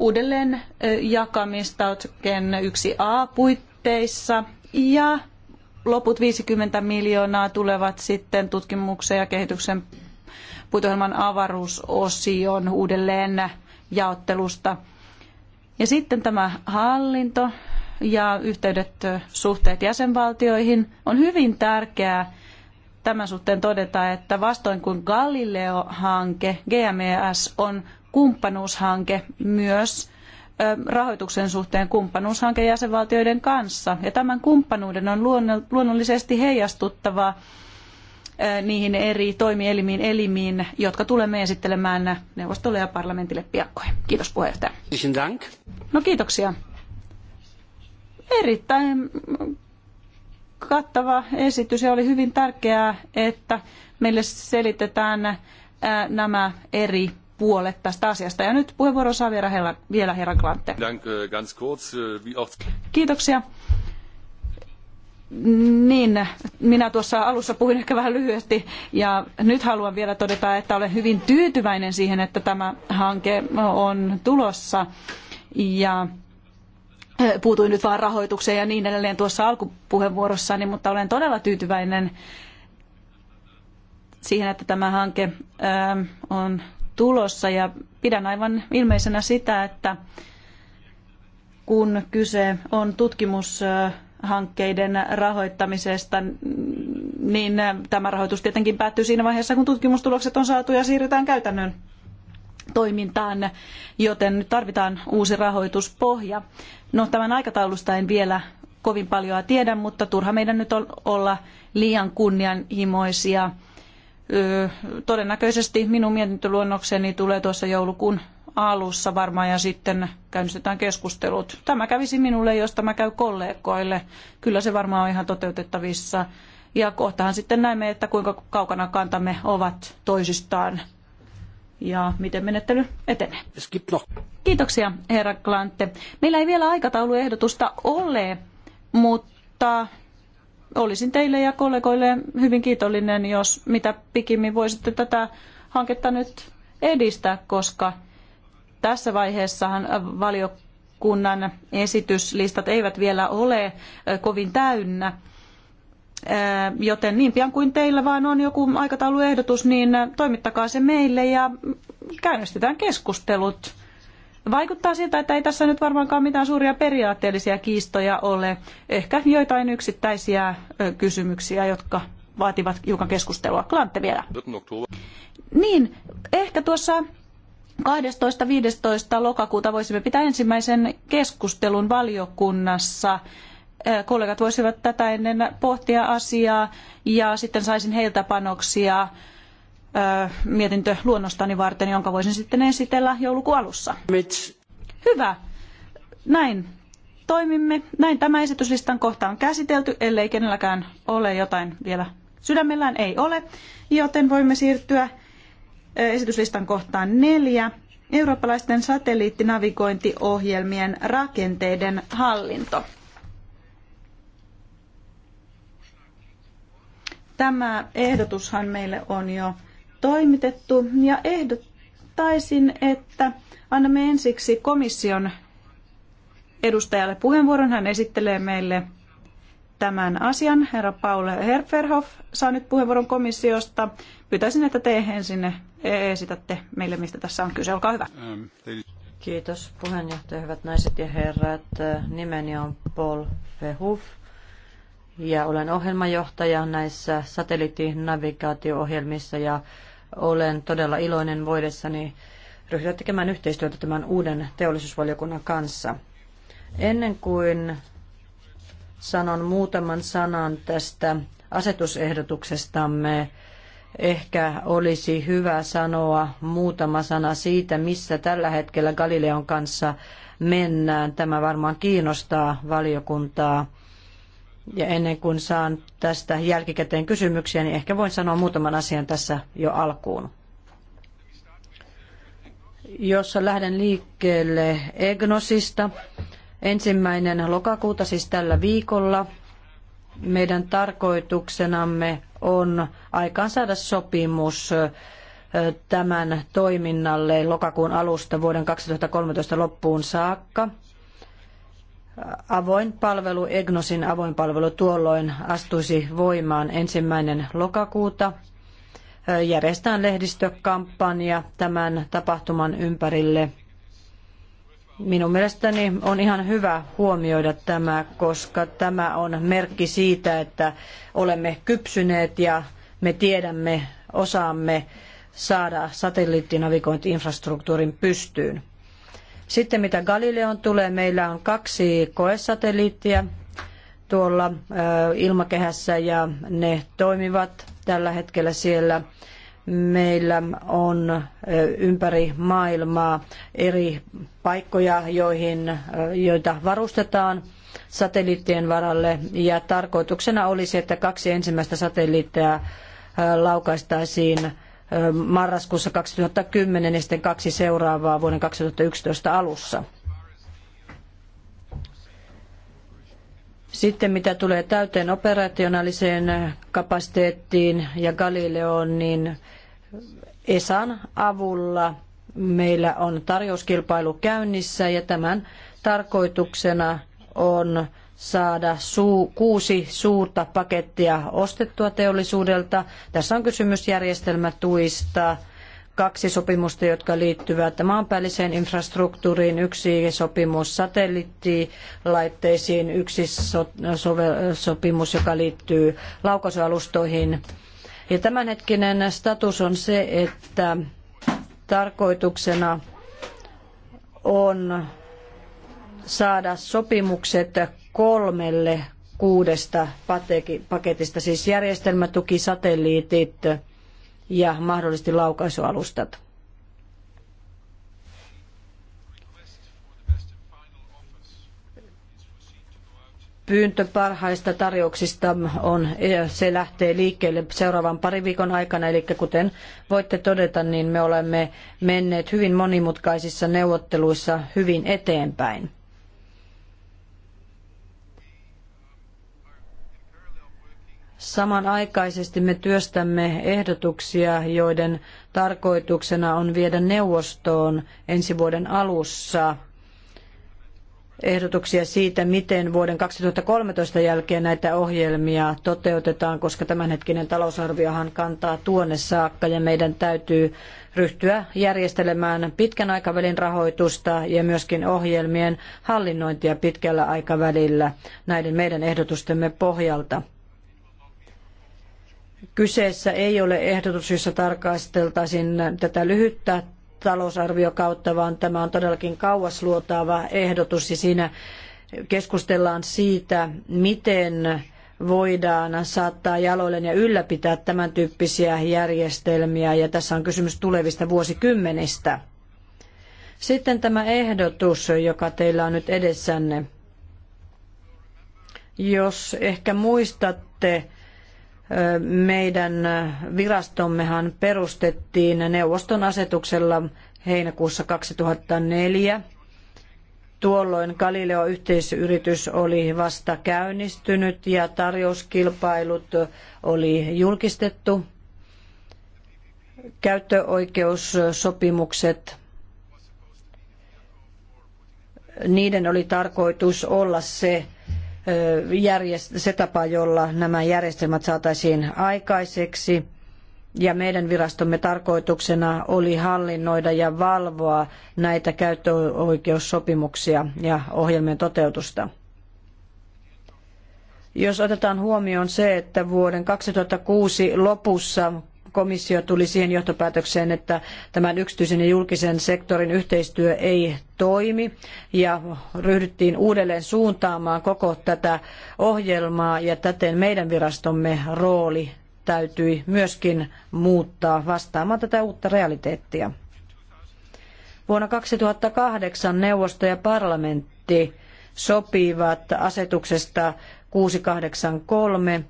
uudelleen jakamista otsakkeen 1a puitteissa ja loput 50 miljoonaa tulevat sitten tutkimuksen ja kehityksen puitohjelman avaruusosion uudelleen jaottelusta. Ja sitten tämä hallinto ja yhteydet suhteet jäsenvaltioihin on hyvin tärkeää tämän suhteen todeta, että vastoin kuin Galileo-hanke, GMES on kumppanuushanke myös rahoituksen suhteen kumppanuushanke jäsenvaltioiden kanssa. Ja tämän kumppanuuden on luonnollisesti heijastuttava niihin eri toimielimiin elimiin, jotka tulemme esittelemään neuvostolle ja parlamentille piakkoin. Kiitos puheenjohtaja. No kiitoksia. Erittäin kattava esitys ja oli hyvin tärkeää, että meille selitetään nämä eri puolet tästä asiasta. Ja nyt puheenvuoro saa vielä, herra, vielä herra Glante. Kiitoksia. Niin, minä tuossa alussa puhuin ehkä vähän lyhyesti ja nyt haluan vielä todeta, että olen hyvin tyytyväinen siihen, että tämä hanke on tulossa ja eh, puutuin nyt vaan rahoitukseen ja niin edelleen tuossa alkupuheenvuorossani, mutta olen todella tyytyväinen siihen, että tämä hanke eh, on tulossa ja pidän aivan ilmeisenä sitä, että kun kyse on tutkimushankkeiden rahoittamisesta, niin tämä rahoitus tietenkin päättyy siinä vaiheessa, kun tutkimustulokset on saatu ja siirrytään käytännön toimintaan, joten nyt tarvitaan uusi rahoituspohja. No tämän aikataulusta en vielä kovin paljoa tiedä, mutta turha meidän nyt on olla liian kunnianhimoisia todennäköisesti minun mietintöluonnokseni tulee tuossa joulukuun alussa varmaan ja sitten käynnistetään keskustelut. Tämä kävisi minulle, jos tämä käy kollegoille. Kyllä se varmaan on ihan toteutettavissa. Ja kohtahan sitten näemme, että kuinka kaukana kantamme ovat toisistaan ja miten menettely etenee. No. Kiitoksia, herra Klante. Meillä ei vielä aikatauluehdotusta ole, mutta olisin teille ja kollegoille hyvin kiitollinen, jos mitä pikimmin voisitte tätä hanketta nyt edistää, koska tässä vaiheessahan valiokunnan esityslistat eivät vielä ole kovin täynnä. Joten niin pian kuin teillä vaan on joku aikatauluehdotus, niin toimittakaa se meille ja käynnistetään keskustelut Vaikuttaa siltä, että ei tässä nyt varmaankaan mitään suuria periaatteellisia kiistoja ole. Ehkä joitain yksittäisiä kysymyksiä, jotka vaativat hiukan keskustelua. Klantte vielä. Niin, ehkä tuossa 12.15. lokakuuta voisimme pitää ensimmäisen keskustelun valiokunnassa. Kollegat voisivat tätä ennen pohtia asiaa ja sitten saisin heiltä panoksia mietintö luonnostani varten, jonka voisin sitten esitellä joulukuun alussa. Hyvä. Näin toimimme. Näin tämä esityslistan kohta on käsitelty, ellei kenelläkään ole jotain vielä sydämellään, ei ole. Joten voimme siirtyä esityslistan kohtaan neljä. Eurooppalaisten satelliittinavigointiohjelmien rakenteiden hallinto. Tämä ehdotushan meille on jo toimitettu ja ehdottaisin, että annamme ensiksi komission edustajalle puheenvuoron. Hän esittelee meille tämän asian. Herra Paul Herferhoff saa nyt puheenvuoron komissiosta. Pyytäisin, että te ensin esitätte meille, mistä tässä on kyse. Olkaa hyvä. Ähm, Kiitos puheenjohtaja, hyvät naiset ja herrat. Nimeni on Paul Verhoff ja olen ohjelmajohtaja näissä satelliittinavigaatio-ohjelmissa ja olen todella iloinen voidessani ryhtyä tekemään yhteistyötä tämän uuden teollisuusvaliokunnan kanssa. Ennen kuin sanon muutaman sanan tästä asetusehdotuksestamme, ehkä olisi hyvä sanoa muutama sana siitä, missä tällä hetkellä Galileon kanssa mennään. Tämä varmaan kiinnostaa valiokuntaa ja ennen kuin saan tästä jälkikäteen kysymyksiä, niin ehkä voin sanoa muutaman asian tässä jo alkuun. Jos lähden liikkeelle Egnosista, ensimmäinen lokakuuta, siis tällä viikolla, meidän tarkoituksenamme on aikaansaada sopimus tämän toiminnalle lokakuun alusta vuoden 2013 loppuun saakka – avoin palvelu, EGNOSin avoin palvelu tuolloin astuisi voimaan ensimmäinen lokakuuta. Järjestetään lehdistökampanja tämän tapahtuman ympärille. Minun mielestäni on ihan hyvä huomioida tämä, koska tämä on merkki siitä, että olemme kypsyneet ja me tiedämme, osaamme saada satelliittinavigointi-infrastruktuurin pystyyn. Sitten mitä Galileon tulee, meillä on kaksi koesatelliittia tuolla ilmakehässä ja ne toimivat tällä hetkellä siellä. Meillä on ympäri maailmaa eri paikkoja, joihin, joita varustetaan satelliittien varalle ja tarkoituksena olisi, että kaksi ensimmäistä satelliittia laukaistaisiin marraskuussa 2010 ja sitten kaksi seuraavaa vuoden 2011 alussa. Sitten mitä tulee täyteen operationaaliseen kapasiteettiin ja Galileoon, niin ESAn avulla meillä on tarjouskilpailu käynnissä ja tämän tarkoituksena on saada suu, kuusi suurta pakettia ostettua teollisuudelta. Tässä on kysymys järjestelmätuista, kaksi sopimusta, jotka liittyvät maanpäälliseen infrastruktuuriin, yksi sopimus satelliittilaitteisiin, yksi so, sopimus, joka liittyy laukaisualustoihin. Ja tämänhetkinen status on se, että tarkoituksena on saada sopimukset kolmelle kuudesta paketista, siis järjestelmätuki, satelliitit ja mahdollisesti laukaisualustat. pyyntö parhaista tarjouksista on, se lähtee liikkeelle seuraavan parin viikon aikana, eli kuten voitte todeta, niin me olemme menneet hyvin monimutkaisissa neuvotteluissa hyvin eteenpäin. Samanaikaisesti me työstämme ehdotuksia, joiden tarkoituksena on viedä neuvostoon ensi vuoden alussa ehdotuksia siitä, miten vuoden 2013 jälkeen näitä ohjelmia toteutetaan, koska tämänhetkinen talousarviohan kantaa tuonne saakka ja meidän täytyy ryhtyä järjestelemään pitkän aikavälin rahoitusta ja myöskin ohjelmien hallinnointia pitkällä aikavälillä näiden meidän ehdotustemme pohjalta. Kyseessä ei ole ehdotus, jossa tarkasteltaisiin tätä lyhyttä talousarviokautta, vaan tämä on todellakin kauas luotaava ehdotus ja siinä keskustellaan siitä, miten voidaan saattaa jaloilleen ja ylläpitää tämän tyyppisiä järjestelmiä ja tässä on kysymys tulevista vuosikymmenistä. Sitten tämä ehdotus, joka teillä on nyt edessänne. Jos ehkä muistatte, meidän virastommehan perustettiin neuvoston asetuksella heinäkuussa 2004. Tuolloin Galileo-yhteisyritys oli vasta käynnistynyt ja tarjouskilpailut oli julkistettu. Käyttöoikeussopimukset, niiden oli tarkoitus olla se se tapa, jolla nämä järjestelmät saataisiin aikaiseksi. Ja meidän virastomme tarkoituksena oli hallinnoida ja valvoa näitä käyttöoikeussopimuksia ja ohjelmien toteutusta. Jos otetaan huomioon se, että vuoden 2006 lopussa komissio tuli siihen johtopäätökseen, että tämän yksityisen ja julkisen sektorin yhteistyö ei toimi ja ryhdyttiin uudelleen suuntaamaan koko tätä ohjelmaa ja täten meidän virastomme rooli täytyi myöskin muuttaa vastaamaan tätä uutta realiteettia. Vuonna 2008 neuvosto ja parlamentti sopivat asetuksesta 683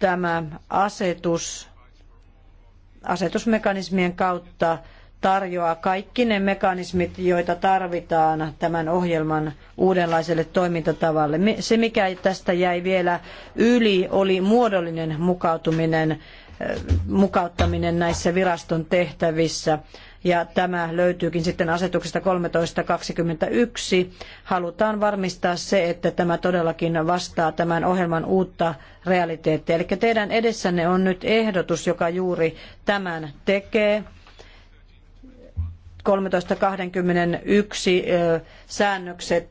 tämä asetus asetusmekanismien kautta tarjoaa kaikki ne mekanismit, joita tarvitaan tämän ohjelman uudenlaiselle toimintatavalle. Se, mikä tästä jäi vielä yli, oli muodollinen mukautuminen, eh, mukauttaminen näissä viraston tehtävissä ja tämä löytyykin sitten asetuksesta 1321. Halutaan varmistaa se, että tämä todellakin vastaa tämän ohjelman uutta realiteettia. Eli teidän edessänne on nyt ehdotus, joka juuri tämän tekee. 1321 säännökset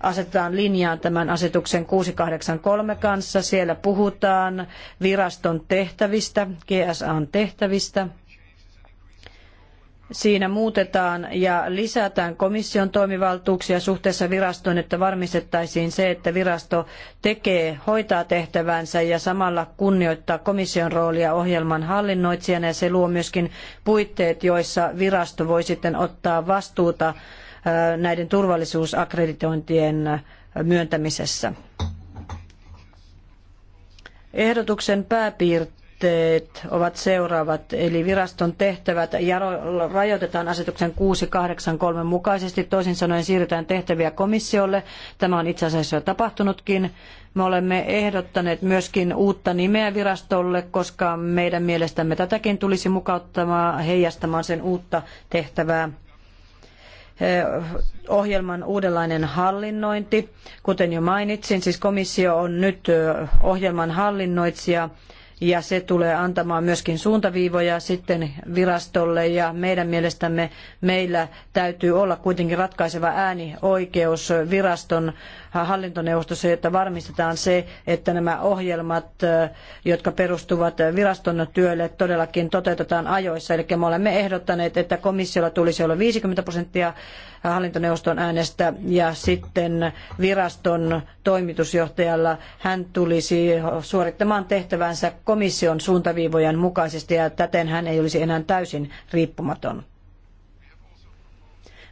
asetetaan linjaan tämän asetuksen 683 kanssa. Siellä puhutaan viraston tehtävistä, GSAn tehtävistä. Siinä muutetaan ja lisätään komission toimivaltuuksia suhteessa virastoon, että varmistettaisiin se, että virasto tekee, hoitaa tehtävänsä ja samalla kunnioittaa komission roolia ohjelman hallinnoitsijana ja se luo myöskin puitteet, joissa virasto voi sitten ottaa vastuuta näiden turvallisuusakkreditointien myöntämisessä. Ehdotuksen pääpiirteet tavoitteet ovat seuraavat, eli viraston tehtävät rajoitetaan asetuksen 683 mukaisesti, toisin sanoen siirretään tehtäviä komissiolle. Tämä on itse asiassa jo tapahtunutkin. Me olemme ehdottaneet myöskin uutta nimeä virastolle, koska meidän mielestämme tätäkin tulisi mukauttamaan heijastamaan sen uutta tehtävää eh, ohjelman uudenlainen hallinnointi. Kuten jo mainitsin, siis komissio on nyt eh, ohjelman hallinnoitsija ja se tulee antamaan myöskin suuntaviivoja sitten virastolle ja meidän mielestämme meillä täytyy olla kuitenkin ratkaiseva äänioikeus viraston hallintoneuvostossa, jotta varmistetaan se, että nämä ohjelmat, eh, jotka perustuvat viraston työlle, todellakin toteutetaan ajoissa. Eli me olemme ehdottaneet, että komissiolla tulisi olla 50 prosenttia hallintoneuvoston äänestä ja sitten viraston toimitusjohtajalla hän tulisi suorittamaan tehtävänsä komission suuntaviivojen mukaisesti ja täten hän ei olisi enää täysin riippumaton.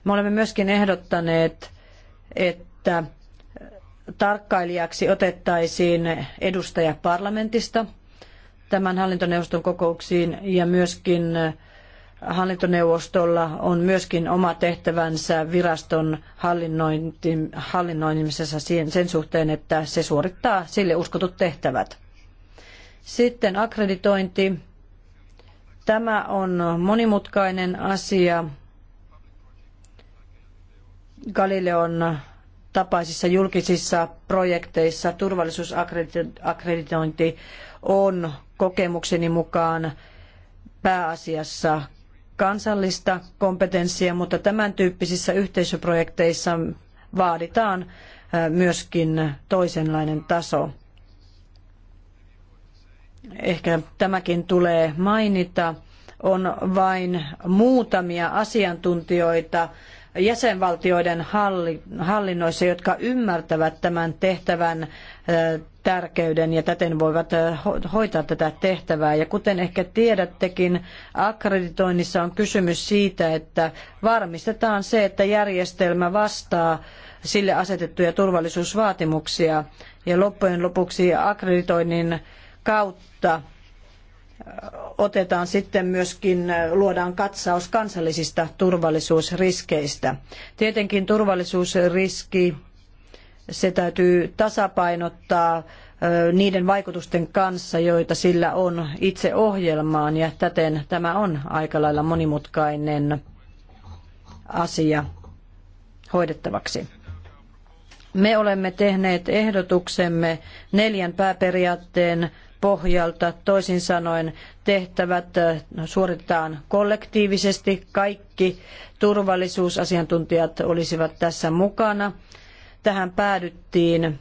Me olemme myöskin ehdottaneet, että tarkkailijaksi otettaisiin edustaja parlamentista tämän hallintoneuvoston kokouksiin ja myöskin hallintoneuvostolla on myöskin oma tehtävänsä viraston hallinnointi, hallinnoimisessa sen suhteen, että se suorittaa sille uskotut tehtävät. Sitten akkreditointi. Tämä on monimutkainen asia. Galileon tapaisissa julkisissa projekteissa turvallisuusakkreditointi on kokemukseni mukaan pääasiassa kansallista kompetenssia, mutta tämän tyyppisissä yhteisöprojekteissa vaaditaan myöskin toisenlainen taso. Ehkä tämäkin tulee mainita. On vain muutamia asiantuntijoita, jäsenvaltioiden hallinnoissa, jotka ymmärtävät tämän tehtävän tärkeyden ja täten voivat hoitaa tätä tehtävää. Ja kuten ehkä tiedättekin, akkreditoinnissa on kysymys siitä, että varmistetaan se, että järjestelmä vastaa sille asetettuja turvallisuusvaatimuksia. Ja loppujen lopuksi akkreditoinnin kautta otetaan sitten myöskin, äh, luodaan katsaus kansallisista turvallisuusriskeistä. Tietenkin turvallisuusriski, se täytyy tasapainottaa äh, niiden vaikutusten kanssa, joita sillä on itse ohjelmaan, ja täten tämä on aika lailla monimutkainen asia hoidettavaksi. Me olemme tehneet ehdotuksemme neljän pääperiaatteen pohjalta. Toisin sanoen tehtävät eh, suoritetaan kollektiivisesti. Kaikki turvallisuusasiantuntijat olisivat tässä mukana. Tähän päädyttiin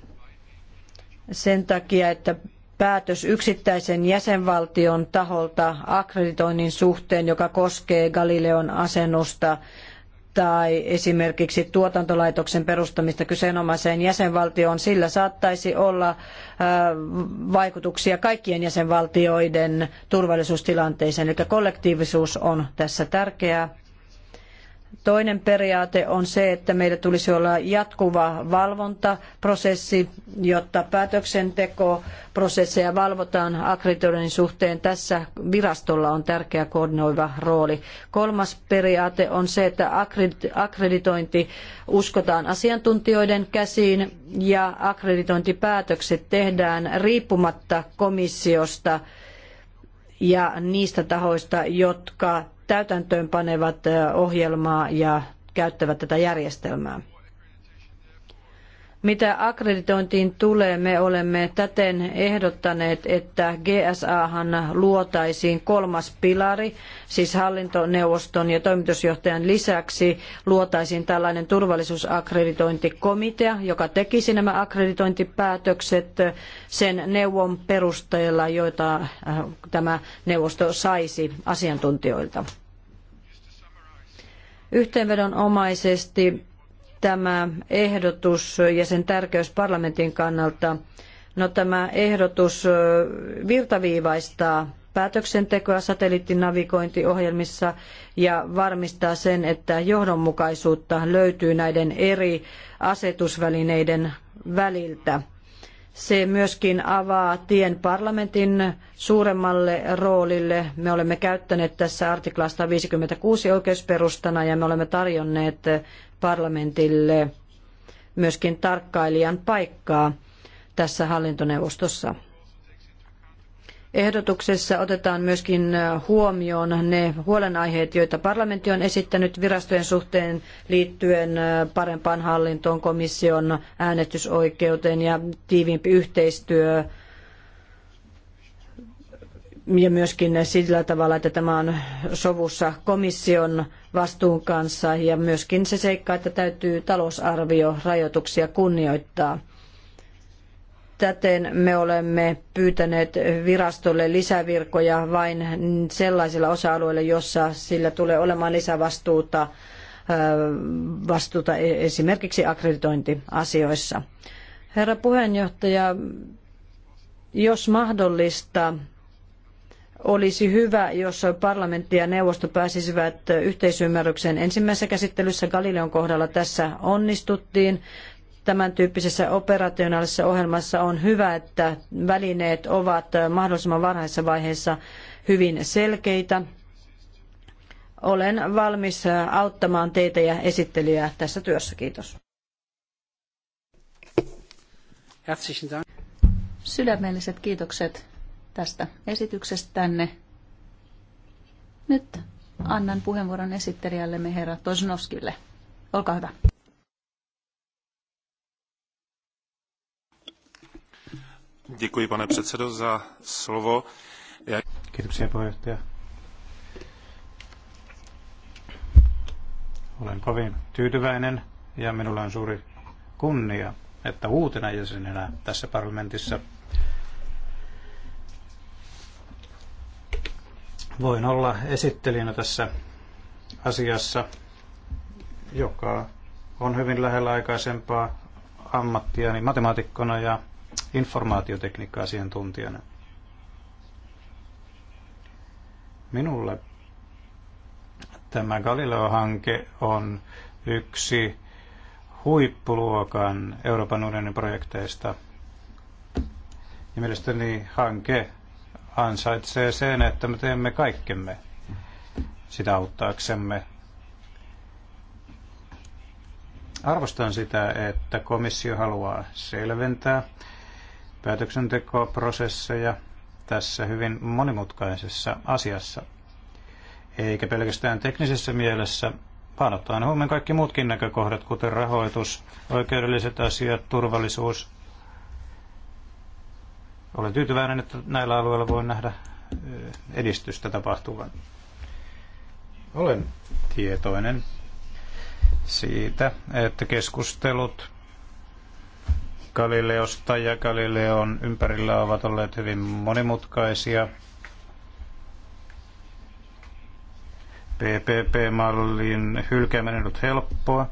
sen takia, että päätös yksittäisen jäsenvaltion taholta akkreditoinnin suhteen, joka koskee Galileon asennusta, tai esimerkiksi tuotantolaitoksen perustamista kyseenomaiseen jäsenvaltioon, sillä saattaisi olla äh, vaikutuksia kaikkien jäsenvaltioiden turvallisuustilanteeseen. Eli kollektiivisuus on tässä tärkeää. Toinen periaate on se, että meillä tulisi olla jatkuva valvontaprosessi, jotta päätöksentekoprosesseja valvotaan akkreditoinnin suhteen. Tässä virastolla on tärkeä koordinoiva rooli. Kolmas periaate on se, että akkreditointi uskotaan asiantuntijoiden käsiin ja akkreditointipäätökset tehdään riippumatta komissiosta – ja niistä tahoista, jotka täytäntöönpanevat ohjelmaa ja käyttävät tätä järjestelmää. Mitä akkreditointiin tulee, me olemme täten ehdottaneet, että GSAhan luotaisiin kolmas pilari, siis hallintoneuvoston ja toimitusjohtajan lisäksi luotaisiin tällainen turvallisuusakkreditointikomitea, joka tekisi nämä akkreditointipäätökset sen neuvon perusteella, joita äh, tämä neuvosto saisi asiantuntijoilta. Yhteenvedonomaisesti tämä ehdotus ja sen tärkeys parlamentin kannalta? No tämä ehdotus virtaviivaistaa päätöksentekoa satelliittinavigointiohjelmissa ja varmistaa sen, että johdonmukaisuutta löytyy näiden eri asetusvälineiden väliltä. Se myöskin avaa tien parlamentin suuremmalle roolille. Me olemme käyttäneet tässä artiklaa 156 oikeusperustana ja me olemme tarjonneet parlamentille myöskin tarkkailijan paikkaa tässä hallintoneuvostossa. Ehdotuksessa otetaan myöskin äh, huomioon ne huolenaiheet, joita parlamentti on esittänyt virastojen suhteen liittyen äh, parempaan hallintoon, komission äänestysoikeuteen ja tiiviimpi yhteistyö ja myöskin sillä tavalla, että tämä on sovussa komission vastuun kanssa ja myöskin se seikka, että täytyy talousarviorajoituksia kunnioittaa. Täten me olemme pyytäneet virastolle lisävirkoja vain sellaisilla osa-alueilla, jossa sillä tulee olemaan lisävastuuta vastuuta e- esimerkiksi akkreditointiasioissa. Herra puheenjohtaja, jos mahdollista, olisi hyvä, jos parlamentti ja neuvosto pääsisivät yhteisymmärrykseen ensimmäisessä käsittelyssä Galileon kohdalla. Tässä onnistuttiin tämän tyyppisessä operationaalisessa ohjelmassa on hyvä, että välineet ovat mahdollisimman varhaisessa vaiheessa hyvin selkeitä. Olen valmis auttamaan teitä ja esittelijää tässä työssä. Kiitos. Sydämelliset kiitokset tästä esityksestänne. Nyt annan puheenvuoron esittelijällemme herra Tosnovskille. Olkaa hyvä. pane předsedo, Ja... Olen kovin tyytyväinen ja minulla on suuri kunnia, että uutena jäsenenä tässä parlamentissa voin olla esittelijänä tässä asiassa, joka on hyvin lähellä aikaisempaa ammattiani matemaatikkona ja informaatiotekniikka-asiantuntijana. Minulle tämä Galileo-hanke on yksi huippuluokan Euroopan unionin projekteista. Ja mielestäni hanke ansaitsee sen, että me teemme kaikkemme sitä auttaaksemme. Arvostan sitä, että komissio haluaa selventää päätöksentekoprosesseja tässä hyvin monimutkaisessa asiassa, eikä pelkästään teknisessä mielessä, vaan ottaen huomioon kaikki muutkin näkökohdat, kuten rahoitus, oikeudelliset asiat, turvallisuus. Olen tyytyväinen, että näillä alueilla voi nähdä edistystä tapahtuvan. Olen tietoinen siitä, että keskustelut Galileosta ja Galileon ympärillä ovat olleet hyvin monimutkaisia. PPP-mallin hylkääminen ollut helppoa,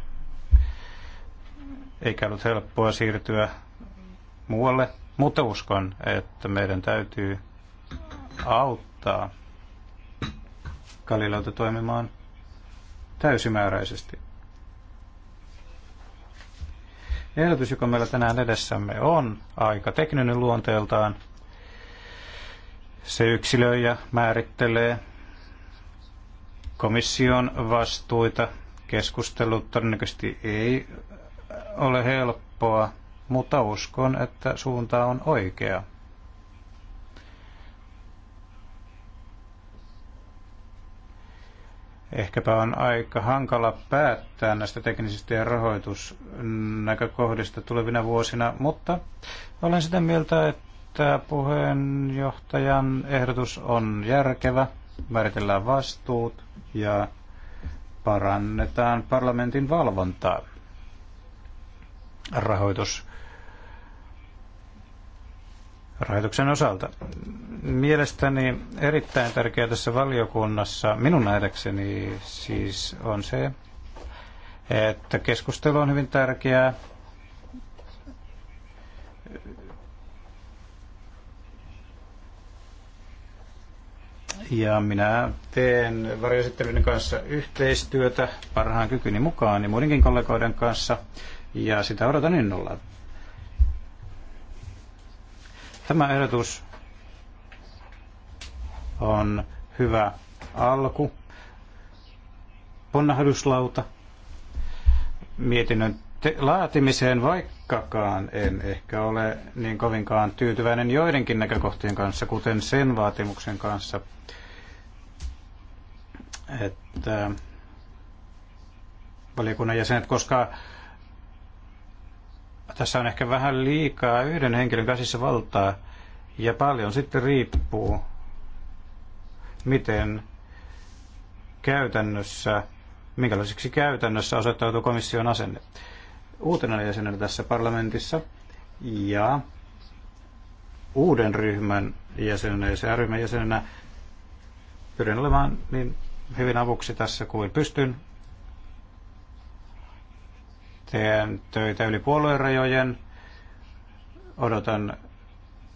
eikä ollut helppoa siirtyä muualle, mutta uskon, että meidän täytyy auttaa Galileota toimimaan täysimääräisesti. Ehdotus, joka meillä tänään edessämme on, aika tekninen luonteeltaan. Se yksilöi ja määrittelee komission vastuita. Keskustelu todennäköisesti ei ole helppoa, mutta uskon, että suunta on oikea. Ehkäpä on aika hankala päättää näistä teknisistä ja rahoitusnäkökohdista tulevina vuosina, mutta olen sitä mieltä, että puheenjohtajan ehdotus on järkevä, määritellään vastuut ja parannetaan parlamentin valvontaa rahoitus rahoituksen osalta. Mielestäni erittäin tärkeää tässä valiokunnassa, minun nähdäkseni siis on se, että keskustelu on hyvin tärkeää. Ja minä teen varjoesittelyiden kanssa yhteistyötä parhaan kykyni mukaan ja muidenkin kollegoiden kanssa. Ja sitä odotan innolla. Tämä ehdotus on hyvä alku. Ponnahduslauta mietinnön laatimiseen, vaikkakaan en ehkä ole niin kovinkaan tyytyväinen joidenkin näkökohtien kanssa, kuten sen vaatimuksen kanssa, että valiokunnan jäsenet, koska tässä on ehkä vähän liikaa yhden henkilön käsissä valtaa ja paljon sitten riippuu, miten käytännössä, minkälaiseksi käytännössä osoittautuu komission asenne. Uutena jäsenenä tässä parlamentissa ja uuden ryhmän jäsenenä ja ryhmän jäsenenä pyrin olemaan niin hyvin avuksi tässä kuin pystyn Teen töitä yli puoluerajojen. Odotan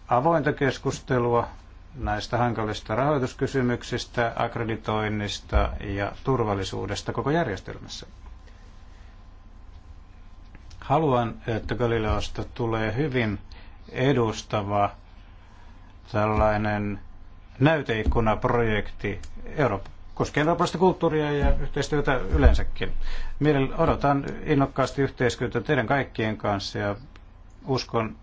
avointa keskustelua näistä hankalista rahoituskysymyksistä, akkreditoinnista ja turvallisuudesta koko järjestelmässä. Haluan, että Galileosta tulee hyvin edustava tällainen näyteikkunaprojekti Eurooppa koskien eurooppalaista kulttuuria ja yhteistyötä yleensäkin. Mielellä odotan innokkaasti yhteistyötä teidän kaikkien kanssa ja uskon,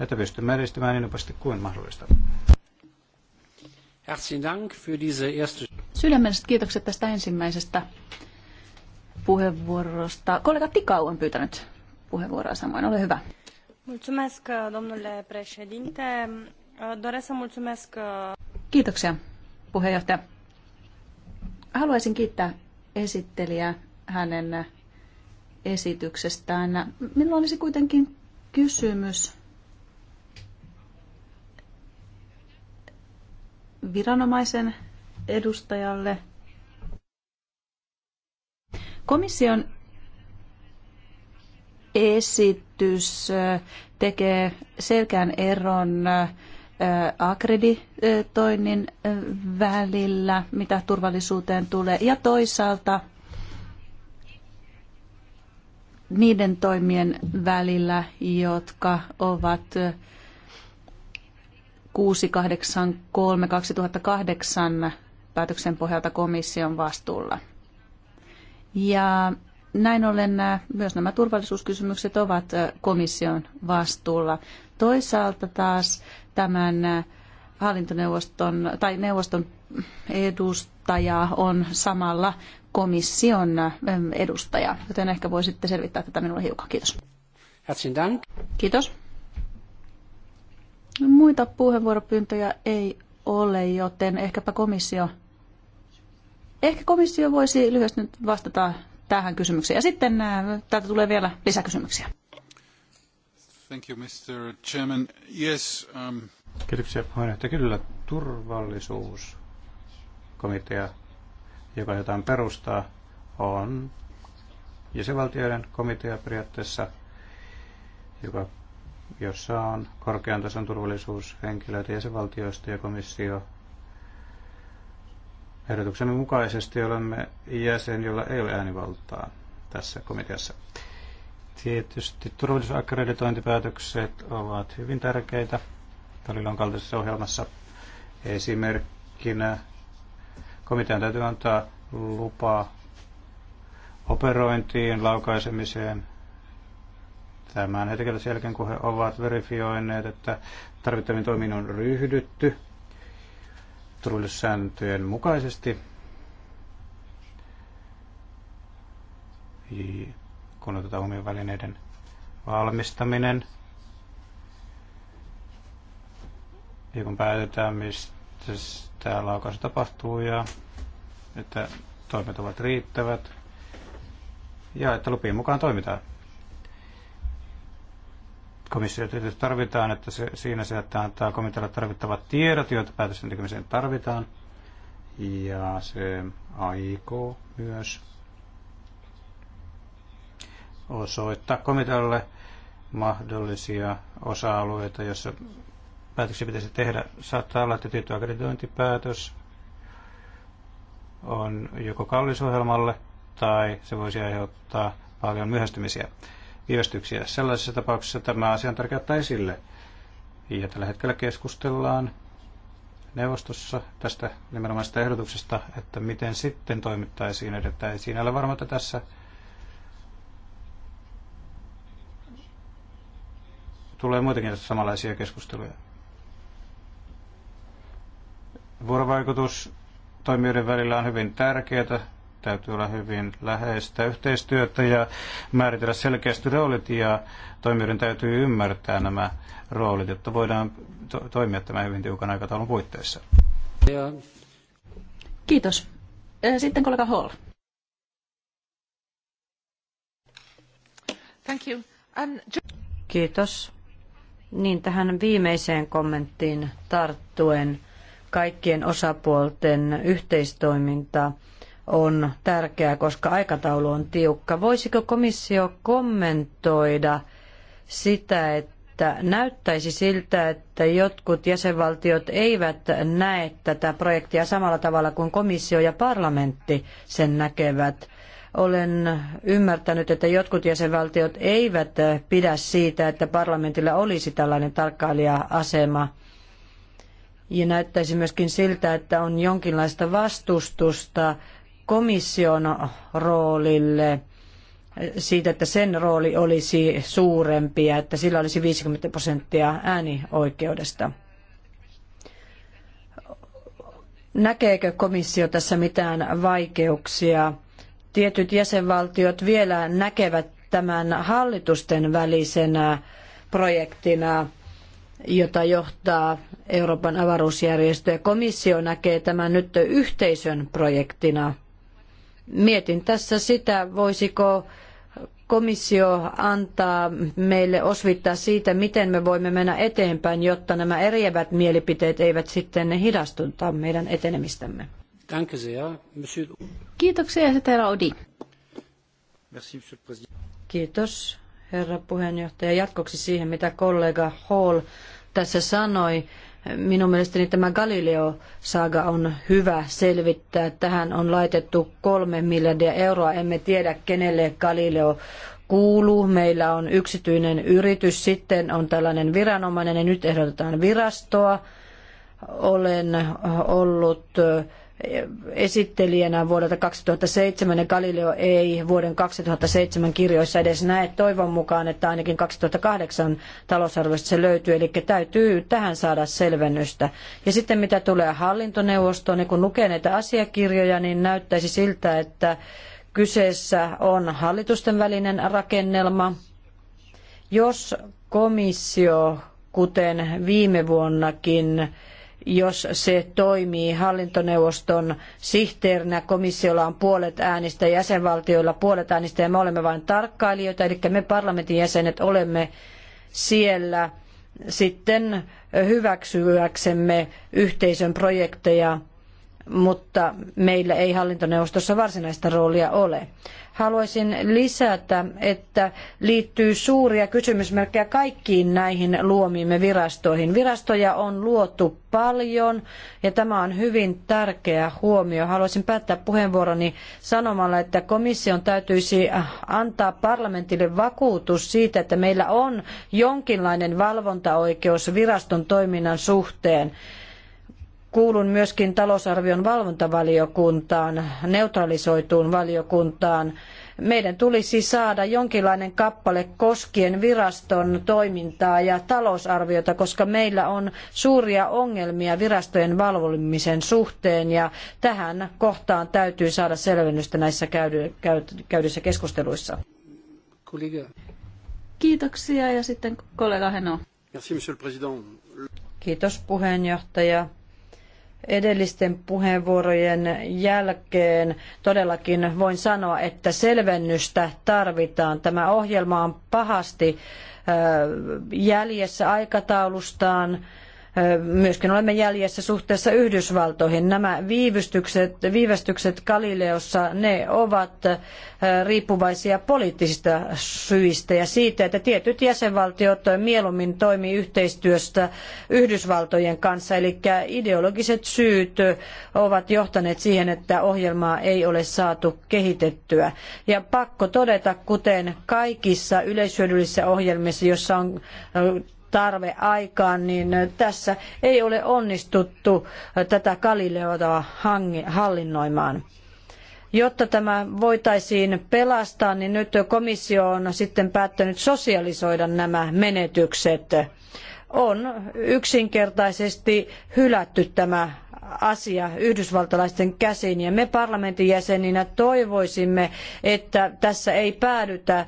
että pystymme edistymään niin nopeasti kuin mahdollista. Sydämelliset kiitokset tästä ensimmäisestä puheenvuorosta. Kollega Tikau on pyytänyt puheenvuoroa samoin. Ole hyvä. Mulțumesc, domnule președinte. Doresc să mulțumesc... Kiitoksia, puheenjohtaja. Haluaisin kiittää esittelijää hänen esityksestään. Minulla olisi kuitenkin kysymys viranomaisen edustajalle. Komission esitys tekee selkeän eron akkreditoinnin välillä, mitä turvallisuuteen tulee, ja toisaalta niiden toimien välillä, jotka ovat 683-2008 päätöksen pohjalta komission vastuulla. Ja näin ollen myös nämä turvallisuuskysymykset ovat komission vastuulla. Toisaalta taas tämän äh, hallintoneuvoston tai neuvoston edustaja on samalla komission äh, edustaja, joten ehkä voisitte selvittää tätä minulle hiukan. Kiitos. Herzlichen Kiitos. Muita puheenvuoropyyntöjä ei ole, joten ehkäpä komissio, ehkä komissio voisi lyhyesti nyt vastata tähän kysymykseen. Ja sitten äh, täältä tulee vielä lisäkysymyksiä. Thank you, Mr. Chairman. Yes, um... Kiitoksia puheenjohtaja. Kyllä turvallisuuskomitea, joka jotain perustaa, on jäsenvaltioiden komitea periaatteessa, joka, jossa on korkean tason turvallisuushenkilöitä jäsenvaltioista ja komissio. Ehdotuksemme mukaisesti olemme jäsen, jolla ei ole äänivaltaa tässä komiteassa. Tietysti turvallisuusakkreditointipäätökset ovat hyvin tärkeitä Talilon kaltaisessa ohjelmassa. Esimerkkinä komitean täytyy antaa lupa operointiin, laukaisemiseen, tämän hetkellä sen jälkeen, kun he ovat verifioineet, että tarvittaviin toimiin on ryhdytty turvallisuussääntöjen mukaisesti kun otetaan huomioon välineiden valmistaminen. Ja kun päätetään, mistä tämä laukaus tapahtuu ja että toimet ovat riittävät ja että lupien mukaan toimitaan. Komissio tietysti tarvitaan, että se, siinä se, että antaa komitealle tarvittavat tiedot, joita päätösten tekemiseen tarvitaan. Ja se aikoo myös osoittaa komitealle mahdollisia osa-alueita, joissa päätöksiä pitäisi tehdä. Saattaa olla, että tietty akkreditointipäätös on joko kallis ohjelmalle tai se voisi aiheuttaa paljon myöhästymisiä viivästyksiä. Sellaisessa tapauksessa tämä asia on tärkeää ottaa esille. Ja tällä hetkellä keskustellaan neuvostossa tästä nimenomaisesta ehdotuksesta, että miten sitten toimittaisiin, edettäisiin. ole varma, että tässä tulee muitakin samanlaisia keskusteluja. Vuorovaikutus toimijoiden välillä on hyvin tärkeää. Täytyy olla hyvin läheistä yhteistyötä ja määritellä selkeästi roolit ja toimijoiden täytyy ymmärtää nämä roolit, jotta voidaan to- toimia tämän hyvin tiukan aikataulun puitteissa. Ja. Kiitos. Sitten kollega Hall. Thank you. Um, Kiitos. Niin tähän viimeiseen kommenttiin tarttuen kaikkien osapuolten yhteistoiminta on tärkeää, koska aikataulu on tiukka. Voisiko komissio kommentoida sitä, että että näyttäisi siltä, että jotkut jäsenvaltiot eivät näe tätä projektia samalla tavalla kuin komissio ja parlamentti sen näkevät. Olen ymmärtänyt, että jotkut jäsenvaltiot eivät pidä siitä, että parlamentilla olisi tällainen tarkkailija-asema. Ja näyttäisi myöskin siltä, että on jonkinlaista vastustusta komission roolille siitä, että sen rooli olisi suurempi ja että sillä olisi 50 prosenttia äänioikeudesta. Näkeekö komissio tässä mitään vaikeuksia tietyt jäsenvaltiot vielä näkevät tämän hallitusten välisenä projektina, jota johtaa Euroopan avaruusjärjestö ja komissio näkee tämän nyt yhteisön projektina. Mietin tässä sitä, voisiko komissio antaa meille osvittaa siitä, miten me voimme mennä eteenpäin, jotta nämä eriävät mielipiteet eivät sitten hidastuta meidän etenemistämme. Danke sehr, Monsieur. Kiitoksia herra Odi. Merci, Monsieur le Président. Kiitos, herra puheenjohtaja. Jatkoksi siihen, mitä kollega Hall tässä sanoi. Minun mielestäni tämä Galileo-saaga on hyvä selvittää. Tähän on laitettu kolme miljardia euroa. Emme tiedä, kenelle Galileo kuuluu. Meillä on yksityinen yritys, sitten on tällainen viranomainen ja nyt ehdotetaan virastoa. Olen ollut esittelijänä vuodelta 2007 ja Galileo ei vuoden 2007 kirjoissa edes näe. Toivon mukaan, että ainakin 2008 talousarviosta se löytyy, eli täytyy tähän saada selvennystä. Ja sitten mitä tulee hallintoneuvostoon, niin kun lukee näitä asiakirjoja, niin näyttäisi siltä, että kyseessä on hallitusten välinen rakennelma. Jos komissio, kuten viime vuonnakin, jos se toimii hallintoneuvoston sihteerinä. Komissiolla on puolet äänistä, jäsenvaltioilla puolet äänistä ja me olemme vain tarkkailijoita, eli me parlamentin jäsenet olemme siellä sitten hyväksyäksemme yhteisön projekteja, mutta meillä ei hallintoneuvostossa varsinaista roolia ole. Haluaisin lisätä, että liittyy suuria kysymysmerkkejä kaikkiin näihin luomiimme virastoihin. Virastoja on luotu paljon ja tämä on hyvin tärkeä huomio. Haluaisin päättää puheenvuoroni sanomalla, että komission täytyisi antaa parlamentille vakuutus siitä, että meillä on jonkinlainen valvontaoikeus viraston toiminnan suhteen kuulun myöskin talousarvion valvontavaliokuntaan, neutralisoituun valiokuntaan. Meidän tulisi saada jonkinlainen kappale koskien viraston toimintaa ja talousarviota, koska meillä on suuria ongelmia virastojen valvomisen suhteen ja tähän kohtaan täytyy saada selvennystä näissä käydy, käydyissä keskusteluissa. Kiitoksia ja sitten kollega Heno. Kiitos puheenjohtaja edellisten puheenvuorojen jälkeen todellakin voin sanoa, että selvennystä tarvitaan. Tämä ohjelma on pahasti jäljessä aikataulustaan Myöskin olemme jäljessä suhteessa Yhdysvaltoihin. Nämä viivystykset, viivästykset Galileossa, ne ovat riippuvaisia poliittisista syistä ja siitä, että tietyt jäsenvaltiot mieluummin toimii yhteistyöstä Yhdysvaltojen kanssa, eli ideologiset syyt ovat johtaneet siihen, että ohjelmaa ei ole saatu kehitettyä. Ja pakko todeta, kuten kaikissa yleishyödyllisissä ohjelmissa, joissa on tarve aikaan, niin tässä ei ole onnistuttu tätä Galileota hallinnoimaan. Jotta tämä voitaisiin pelastaa, niin nyt komissio on sitten päättänyt sosialisoida nämä menetykset. On yksinkertaisesti hylätty tämä asia yhdysvaltalaisten käsiin. Ja me parlamentin jäseninä toivoisimme, että tässä ei päädytä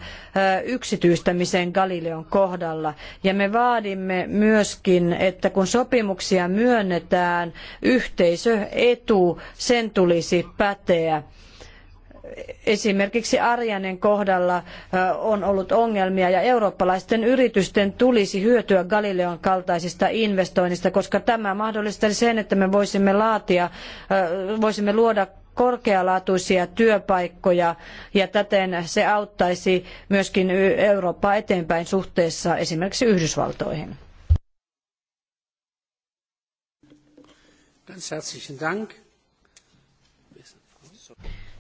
yksityistämiseen Galileon kohdalla. Ja me vaadimme myöskin, että kun sopimuksia myönnetään, yhteisöetu sen tulisi päteä esimerkiksi Arjanen kohdalla on ollut ongelmia ja eurooppalaisten yritysten tulisi hyötyä Galileon kaltaisista investoinnista, koska tämä mahdollistaisi sen, että me voisimme laatia, voisimme luoda korkealaatuisia työpaikkoja ja täten se auttaisi myöskin Eurooppaa eteenpäin suhteessa esimerkiksi Yhdysvaltoihin. Ganz herzlichen Dank.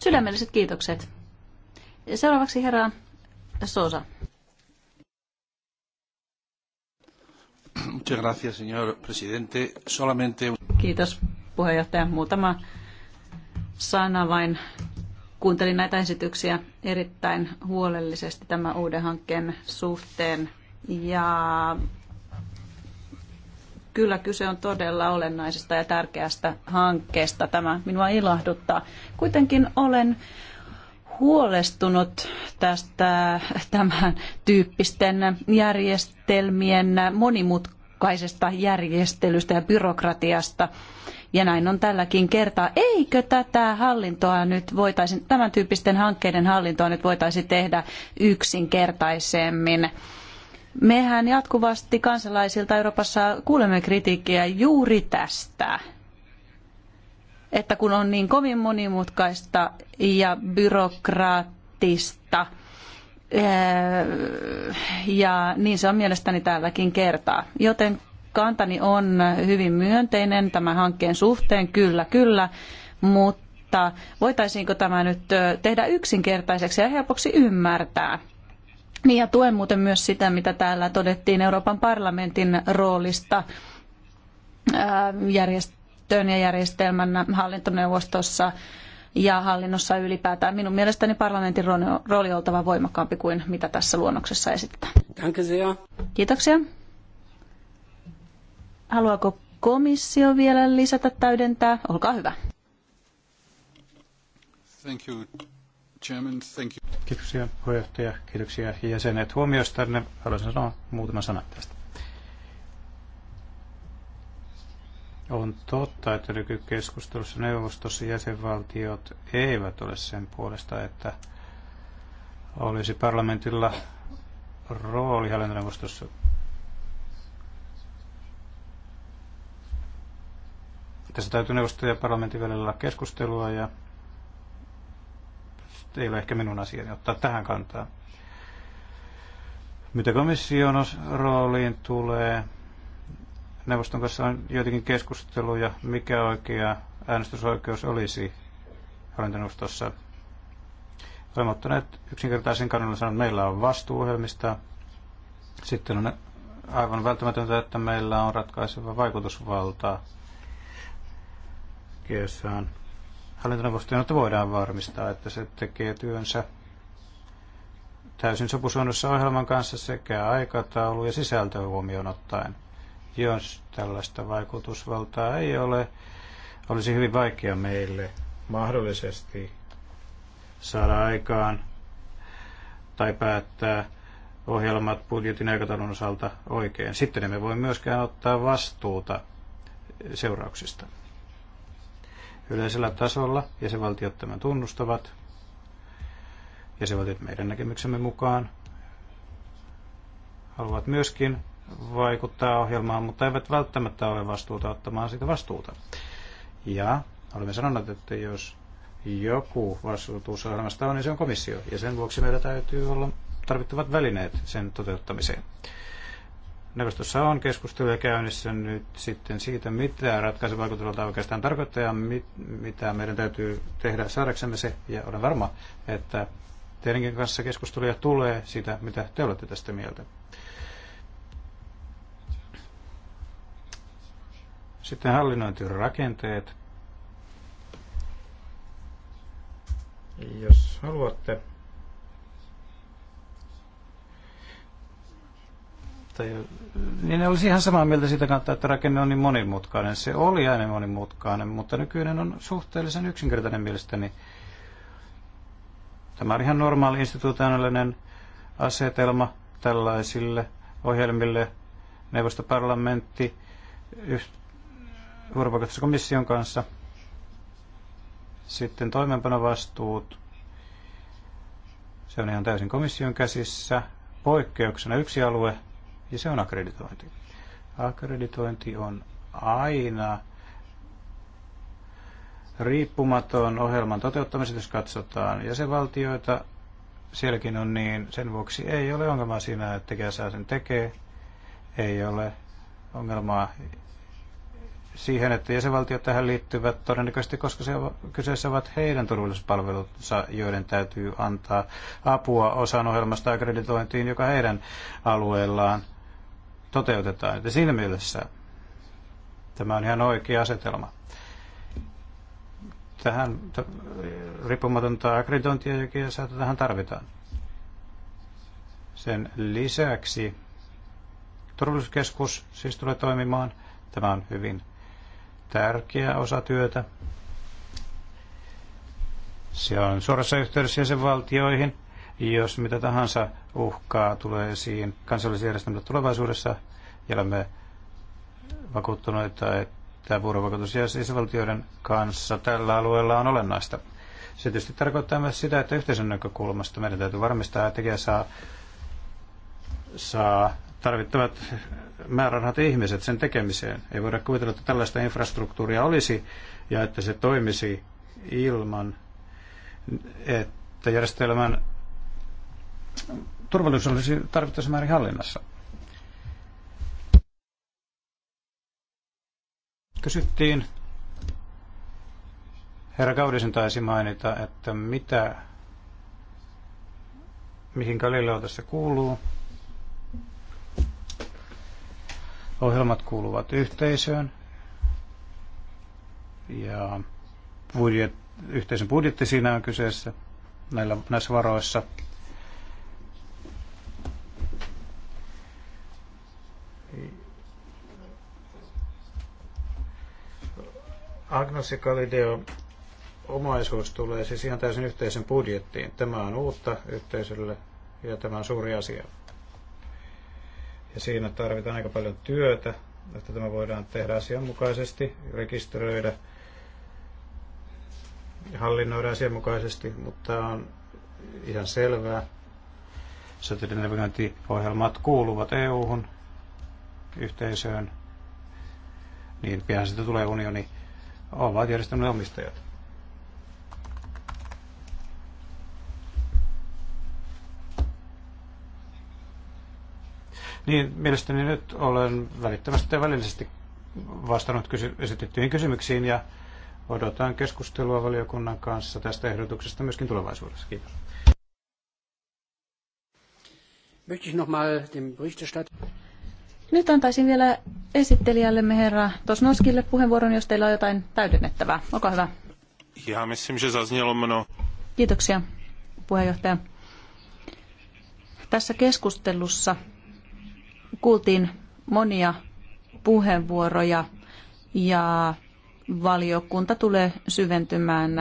Sydämelliset kiitokset. Seuraavaksi herra Sosa. Muchas gracias, señor presidente. Solamente... Kiitos puheenjohtaja. Muutama sana vain. Kuuntelin näitä esityksiä erittäin huolellisesti tämän uuden hankkeen suhteen ja kyllä kyse on todella olennaisesta ja tärkeästä hankkeesta. Tämä minua ilahduttaa. Kuitenkin olen huolestunut tästä tämän tyyppisten järjestelmien monimutkaisesta järjestelystä ja byrokratiasta. Ja näin on tälläkin kertaa. Eikö tätä hallintoa nyt voitaisiin, tämän tyyppisten hankkeiden hallintoa nyt voitaisiin tehdä yksinkertaisemmin? Mehän jatkuvasti kansalaisilta Euroopassa kuulemme kritiikkiä juuri tästä, että kun on niin kovin monimutkaista ja byrokraattista, eh, ja niin se on mielestäni tälläkin kertaa. Joten kantani on hyvin myönteinen tämän hankkeen suhteen, kyllä, kyllä, mutta voitaisiinko tämä nyt eh, tehdä yksinkertaiseksi ja helpoksi ymmärtää? Niin ja tuen muuten myös sitä, mitä täällä todettiin Euroopan parlamentin roolista järjestön ja järjestelmän hallintoneuvostossa ja hallinnossa ylipäätään. Minun mielestäni parlamentin rooli on oltava voimakkaampi kuin mitä tässä luonnoksessa esitetään. Kiitoksia. Haluaako komissio vielä lisätä täydentää? Olkaa hyvä. Thank you, Chairman, thank you. Kiitoksia puheenjohtaja, kiitoksia jäsenet huomioistanne. Haluaisin sanoa muutaman sanan tästä. On totta, että nykykeskustelussa neuvostossa jäsenvaltiot eivät ole sen puolesta, että olisi parlamentilla rooli hallintoneuvostossa. Tässä täytyy neuvosto ja parlamentin välillä olla keskustelua ja ei ole ehkä minun asiani ottaa tähän kantaa. Mitä komission rooliin tulee, neuvoston kanssa on joitakin keskusteluja, mikä oikea äänestysoikeus olisi hallintoneuvostossa. Olemme ottaneet yksinkertaisen kannalla sanon, että meillä on vastuuohjelmista. Sitten on aivan välttämätöntä, että meillä on ratkaiseva vaikutusvalta kesään hallintoneuvoston, että voidaan varmistaa, että se tekee työnsä täysin sopusuunnassa ohjelman kanssa sekä aikataulu ja sisältö huomioon ottaen. Jos tällaista vaikutusvaltaa ei ole, olisi hyvin vaikea meille mahdollisesti saada aikaan tai päättää ohjelmat budjetin aikataulun osalta oikein. Sitten emme voi myöskään ottaa vastuuta seurauksista yleisellä tasolla, jäsenvaltiot tämän tunnustavat, jäsenvaltiot meidän näkemyksemme mukaan haluavat myöskin vaikuttaa ohjelmaan, mutta eivät välttämättä ole vastuuta ottamaan siitä vastuuta. Ja olemme sanoneet, että jos joku vastuutus ohjelmasta on, niin se on komissio. Ja sen vuoksi meillä täytyy olla tarvittavat välineet sen toteuttamiseen. Neuvostossa on keskusteluja käynnissä nyt sitten siitä, mitä ratkaisuvaikutusvalta oikeastaan tarkoittaa ja mit, mitä meidän täytyy tehdä saadaksemme se. Ja olen varma, että teidänkin kanssa keskusteluja tulee siitä, mitä te olette tästä mieltä. Sitten hallinnointirakenteet. Jos haluatte johtaja, niin ne olisi ihan samaa mieltä siitä kantaa, että rakenne on niin monimutkainen. Se oli aina monimutkainen, mutta nykyinen on suhteellisen yksinkertainen mielestäni. Tämä on ihan normaali instituutioinen asetelma tällaisille ohjelmille. Neuvostoparlamentti vuorovaikutuksessa komission kanssa. Sitten toimeenpanovastuut. Se on ihan täysin komission käsissä. Poikkeuksena yksi alue, ja se on akkreditointi. Akkreditointi on aina riippumaton ohjelman toteuttamisen, jos katsotaan jäsenvaltioita, sielläkin on niin, sen vuoksi ei ole ongelmaa siinä, että saa sen tekee, ei ole ongelmaa siihen, että jäsenvaltiot tähän liittyvät todennäköisesti, koska se, kyseessä ovat heidän turvallisuuspalvelunsa, joiden täytyy antaa apua osan ohjelmasta akkreditointiin, joka heidän alueellaan toteutetaan. Että siinä mielessä tämä on ihan oikea asetelma. Tähän riippumatonta akkreditointia ja kielsääntä tähän tarvitaan. Sen lisäksi turvallisuuskeskus siis tulee toimimaan. Tämä on hyvin tärkeä osa työtä. Se on suorassa yhteydessä jäsenvaltioihin – jos mitä tahansa uhkaa tulee esiin kansallisjärjestelmälle tulevaisuudessa, ja olemme vakuuttuneita, että vuorovaikutus jäsenvaltioiden kanssa tällä alueella on olennaista. Se tietysti tarkoittaa myös sitä, että yhteisön näkökulmasta meidän täytyy varmistaa, että tekijä saa, saa tarvittavat määrärahat ihmiset sen tekemiseen. Ei voida kuvitella, että tällaista infrastruktuuria olisi ja että se toimisi ilman, että järjestelmän turvallisuus olisi tarvittaessa määrin hallinnassa. Kysyttiin, herra Gaudisen taisi mainita, että mitä, mihin Galileo tässä kuuluu. Ohjelmat kuuluvat yhteisöön ja budjet, yhteisön budjetti siinä on kyseessä näillä, näissä varoissa – Agnos ja Galileo omaisuus tulee siis ihan täysin yhteisen budjettiin. Tämä on uutta yhteisölle ja tämä on suuri asia. Ja siinä tarvitaan aika paljon työtä, että tämä voidaan tehdä asianmukaisesti, rekisteröidä ja hallinnoida asianmukaisesti, mutta on ihan selvää. Sotilasnavigointiohjelmat kuuluvat EU-hun, yhteisöön, niin pian siitä tulee unioni ovat järjestelmän omistajat. Niin, mielestäni nyt olen välittömästi ja välillisesti vastannut kysy- esitettyihin kysymyksiin ja odotan keskustelua valiokunnan kanssa tästä ehdotuksesta myöskin tulevaisuudessa. Kiitos. Nyt antaisin vielä esittelijällemme herra Tosnoskille puheenvuoron, jos teillä on jotain täydennettävää. Olkaa hyvä. Ja myslím, že zaznělo mno. Kiitoksia, puheenjohtaja. Tässä keskustelussa kuultiin monia puheenvuoroja ja valiokunta tulee syventymään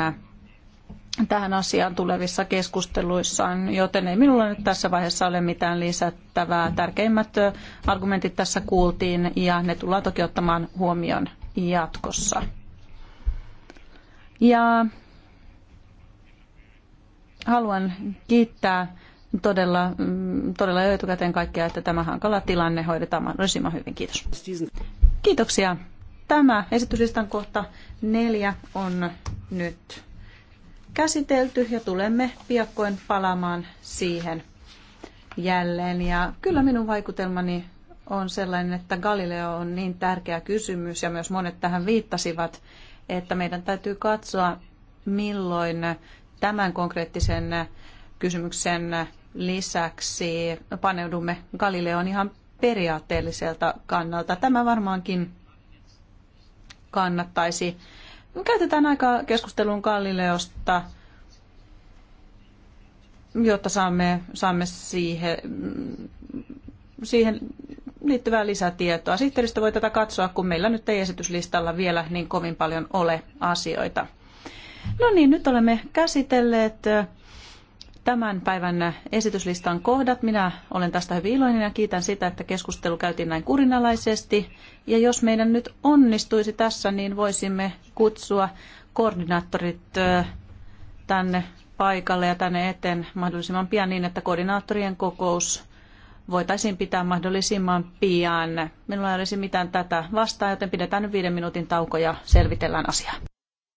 tähän asiaan tulevissa keskusteluissaan, joten ei minulla nyt tässä vaiheessa ole mitään lisättävää. Tärkeimmät argumentit tässä kuultiin ja ne tullaan toki ottamaan huomioon jatkossa. Ja haluan kiittää todella, mm, todella jo etukäteen kaikkia, että tämä hankala tilanne hoidetaan mahdollisimman hyvin. Kiitos. Kiitoksia. Tämä esityslistan kohta neljä on nyt käsitelty ja tulemme piakkoin palaamaan siihen jälleen. Ja kyllä minun vaikutelmani on sellainen, että Galileo on niin tärkeä kysymys ja myös monet tähän viittasivat, että meidän täytyy katsoa, milloin tämän konkreettisen kysymyksen lisäksi paneudumme Galileon ihan periaatteelliselta kannalta. Tämä varmaankin kannattaisi käytetään aikaa keskusteluun Kallileosta, jotta saamme, saamme siihen, siihen liittyvää lisätietoa. Sihteeristö voi tätä katsoa, kun meillä nyt ei esityslistalla vielä niin kovin paljon ole asioita. No niin, nyt olemme käsitelleet tämän päivän esityslistan kohdat. Minä olen tästä hyvin iloinen ja kiitän sitä, että keskustelu käytiin näin kurinalaisesti. Ja jos meidän nyt onnistuisi tässä, niin voisimme kutsua koordinaattorit tänne paikalle ja tänne eteen mahdollisimman pian niin, että koordinaattorien kokous voitaisiin pitää mahdollisimman pian. Minulla ei olisi mitään tätä vastaan, joten pidetään nyt viiden minuutin tauko ja selvitellään asiaa.